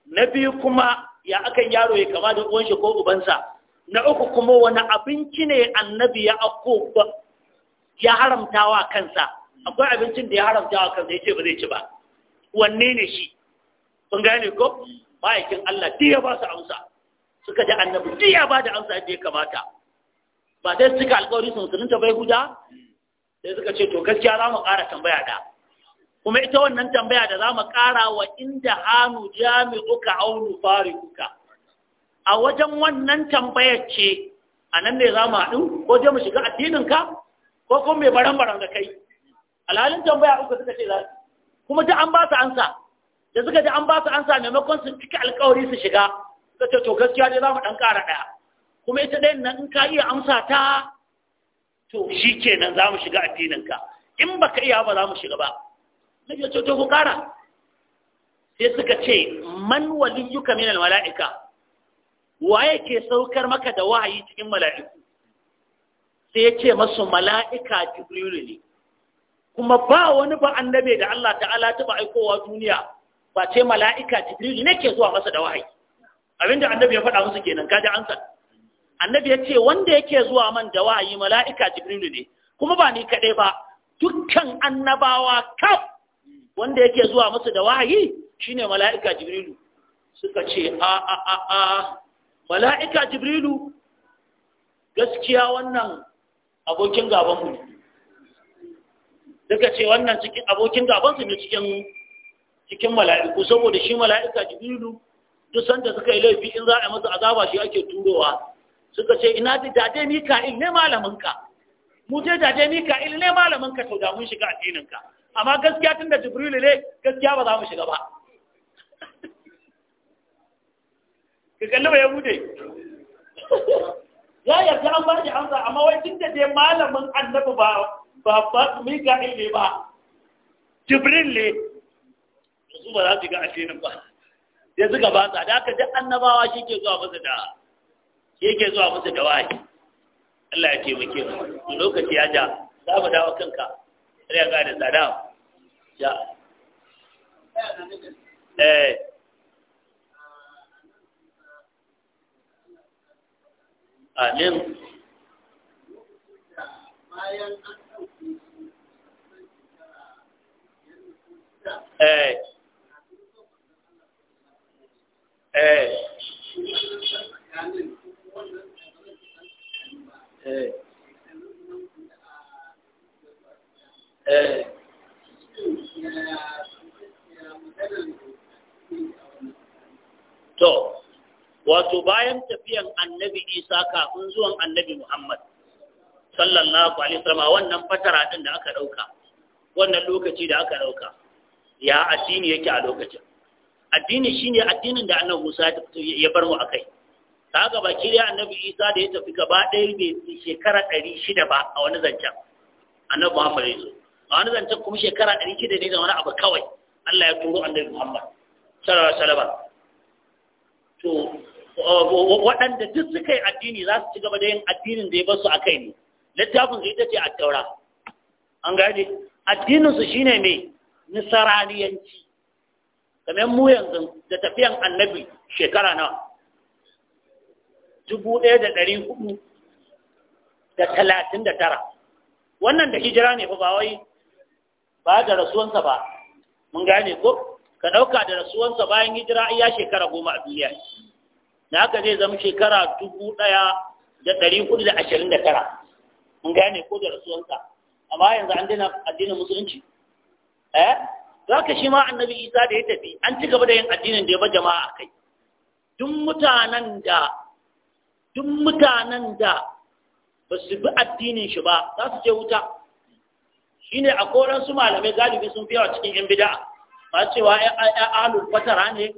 [SPEAKER 1] na biyu kuma ya akan yaro ya kama da uwanshi ko ubansa na uku kuma wani abinci ne annabi ya akko ya haramta wa kansa akwai abincin da ya haramta wa kansa ya ce ba zai ci ba wanne ne shi kun gane ko ma'aikin Allah duk ya ba su amsa suka ji annabi duk ya ba da amsa yadda ya kamata ba sai suka alƙawari sun sunanta bai guda? sai suka ce to gaskiya za mu ƙara tambaya da kuma ita wannan tambaya da za mu ƙara wa inda hannu jami'uka aunu farikuka a wajen wannan tambayar ce a nan ne za mu haɗu ko je mu shiga addininka ko kuma mai baran-baran da kai alhalin tambaya uku suka ce za su kuma duk an ba su ansa da suka ji an ba su ansa maimakon su cika alkawari su shiga suka ce to gaskiya dai za mu ɗan ƙara ɗaya kuma ita ɗayan nan in ka iya amsa ta to shi kenan za mu shiga addininka in baka iya ba za mu shiga ba nabi ya ce to ku kara sai suka ce man waliyuka min mala'ika. waye ke saukar maka da wahayi cikin mala'iku sai ya ce masu mala'ika jibrilu ne kuma ba wani ba annabe da Allah ta'ala ta ba aikowa duniya ba ce mala'ika jibrilu ne ke zuwa masa da wahayi abinda annabi ya faɗa musu kenan kaji ansa annabi ya ce wanda yake zuwa man da wahayi mala'ika jibrilu ne kuma ba ni kaɗai ba dukkan annabawa kaf wanda yake zuwa musu da wahayi shine mala'ika jibrilu suka ce a a a a mala'ika jibrilu gaskiya wannan abokin gabanmu ne suka ce wannan cikin abokin gabansu ne cikin cikin mala'iku saboda shi mala'ika jibrilu duk sanda suka yi laifi in za a masa azaba shi ake turowa suka ce ina da dade mika'il ne malaminka mu je dade mika'il ne malaminka to da mun shiga addininka amma gaskiya tun da jibrilu ne gaskiya ba za mu shiga ba ka kalli ba ya bude ya yarda an ba shi amsa amma wai tun da dai malamin annabi ba ba ba mika'il ne ba jibril ne su ba za su ga asirin ba ya zuga ba sa da aka ji annabawa shi ke zuwa musu da shi ke zuwa musu da wahayi Allah ya taimake mu lokaci ya ja za mu dawo kanka sai ya ga da tsada ya eh, eh. Amin. eh eh eh eh To, wato bayan tafiyan annabi Isa kafin zuwan annabi Muhammad, sallallahu Alaihi wasallama wannan fatara ɗin da aka ɗauka, wannan lokaci da aka ɗauka, ya addini yake a lokacin. Addini shi ne addinin da annabi Musa ya bar mu a kai. Ta gaba ba kiriya annabi Isa da ya tafi gaba ɗaya mai shekara ɗari shida ba a wani zancen, annabi Muhammad ya zo. a wani zancen kuma shekara ɗari da ne da wani abu kawai Allah ya turo annabi Muhammad sallallahu alaihi wasallam to waɗanda duk suka yi addini za su ci gaba da yin addinin da ya bar su a kai ne littafin su ita ce a taura an gane addinin su shine mai nisaraniyanci kamar mu yanzu da tafiyan annabi shekara nawa dubu ɗaya da ɗari hudu da talatin da tara wannan da hijira ne ba wai ba da rasuwansa ba mun gane ko ka ɗauka da rasuwansa bayan hijira iya shekara goma a duniya Na haka zai zama shekara dubu ɗaya da ɗari hudu da ashirin da tara mun gane ko da rasuwansa amma yanzu an dina addinin musulunci eh za ka shi ma annabi isa da ya tafi an ci gaba da yin addinin da ya ba jama'a a kai duk mutanen da duk mutanen da ba su bi addinin shi ba za su je wuta shine a koran su malamai galibi sun fi yawa cikin yan bid'a ba cewa ya alu fatara ne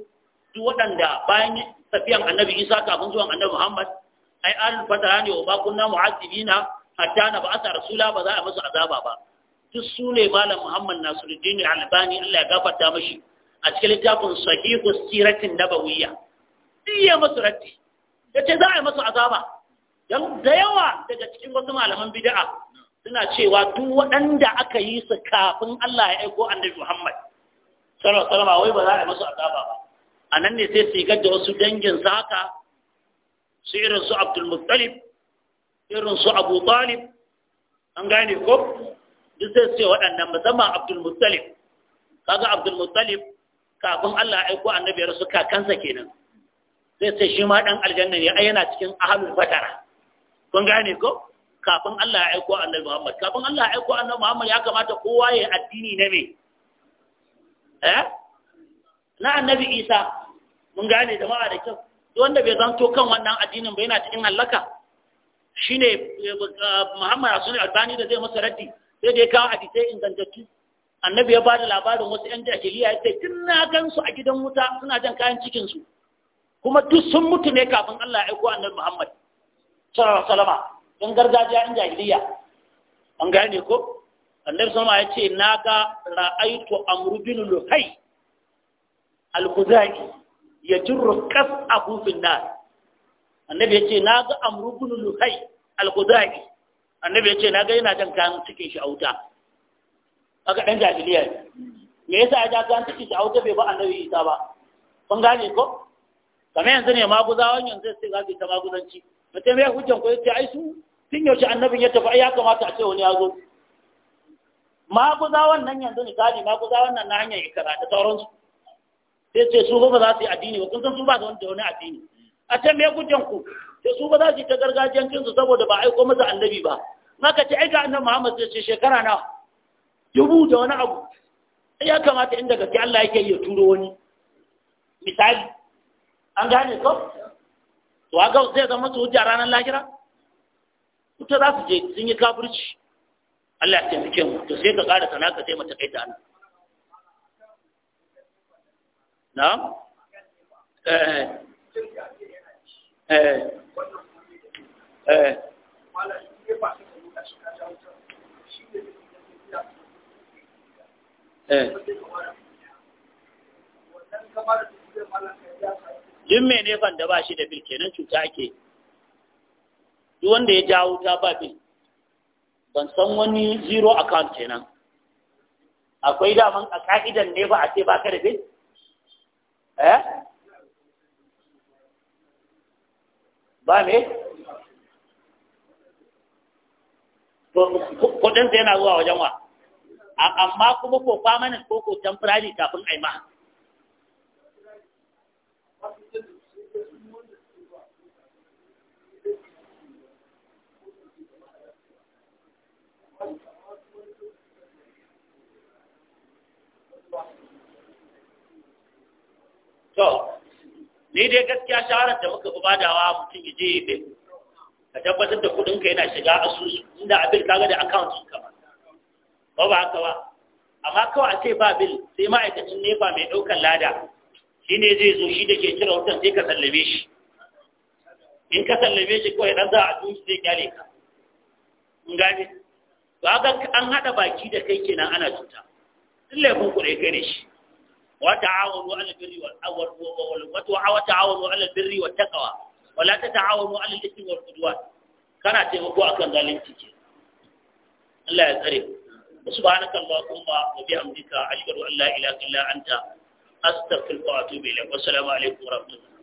[SPEAKER 1] duk waɗanda bayan tafiyan annabi isa kafin zuwan annabi muhammad ai alu fatara ne wa bakunna kunna mu'azzibina hatta na ba asa rasula ba za a musu azaba ba duk su ne malam muhammad nasiruddin albani Allah ya gafarta mashi a cikin littafin sahihu siratin nabawiyya duk ya musu ratti ce za a yi musu azaba da yawa daga cikin wasu malaman bid'a suna cewa duk waɗanda aka yi su kafin Allah ya aiko annabi Muhammad sallallahu alaihi wasallam wai ba za a masu azaba ba anan ne sai su gadda wasu dangin sa haka su irin su Abdul Muttalib irin su Abu Talib an gane ko duk sai su waɗannan musamman Abdul Muttalib kaga Abdul Muttalib kafin Allah ya aiko annabi ya rasu kakansa kenan sai sai shi ma dan aljanna ne ai yana cikin ahlul fatara kun gane ko kafin Allah ya aiko annabi Muhammad kafin Allah ya aiko annabi Muhammad ya kamata kowa ya addini na me eh na annabi Isa mun gane jama'a da kyau duk wanda bai zanto kan wannan addinin ba yana cikin halaka shine eh, eh, Muhammad Asuni Albani da zai masa raddi sai dai ya kawo hadisai ingantattu annabi ya bada labarin wasu ‘yan jahiliya ya ce tun na gansu a gidan wuta suna jan kayan cikinsu kuma duk sun mutu ne kafin Allah ya aiko annabi Muhammad sallallahu alaihi yan gargajiya yan jahiliya an gane ko annabi sama ya ce na ga ra'aitu amru bin luhai al-khuzai ya jirru kas abu finnar annabi ya ce na ga amru bin luhai al-khuzai annabi ya ce na ga yana jan kan cikin shi a wuta aka dan jahiliya ne me yasa ya ja kayan cikin shi a wuta bai ba annabi isa ba kun gane ko kamar yanzu ne maguzawan yanzu sai ga ta maguzanci mutum ya hujjan ko ya ce ai su tun yaushe annabin ya tafi ya kamata a ce wani ya zo maguza wannan yanzu ni misali maguza wannan na hanyar ikara da sauransu sai ce su ba za su yi addini ba kun san su ba da wani addini a can me gujen ku sai su ba za su yi ta gargajiyancin su saboda ba aiko masa annabi ba Na ka ce aika annabi Muhammad sai ce shekara na dubu da wani abu ya kamata inda gaske Allah yake ya turo wani misali an gane ko to haka zai zama su hujja ranar lahira Kuta za su je sun yi kafirci Allah ya taimake mu to sai ka ƙara sana ka taimaka kai ta Allah na eh eh, eh eh eh Duk mene ban da ba shi da bil kenan cuta ake duk wanda ya jawo ta ba ban san wani zero account nan. akwai daman a ka'idan ne ba a ce ba ka da bil eh ba me kudin na zuwa wajen wa amma kuma ko permanent ko ko temporary kafin aima ma to ni dai gaskiya sharar da muka badawa mutum ya je ya ka tabbatar da kuɗin ka yana shiga asusu inda abin kaga da account ɗin ka ba ba haka ba amma kawai a ce ba bil sai ma'aikacin nefa mai ɗaukar lada shi ne zai zo shi da ke cire wutan sai ka sallame shi in ka sallame shi kawai dan za a dushi zai kyale ka in gane Ba ga an haɗa baki da kai kenan ana cuta duk laifin kuɗai kai ne shi وتعاونوا على البر وتعاونوا على البر والتقوى ولا تتعاونوا على الاثم والعدوان كان تيمكو akan zalunci ce Allah ya tsare subhanaka allahumma wa bihamdika ashhadu an la ilaha illa anta astaghfiruka wa atubu ilayk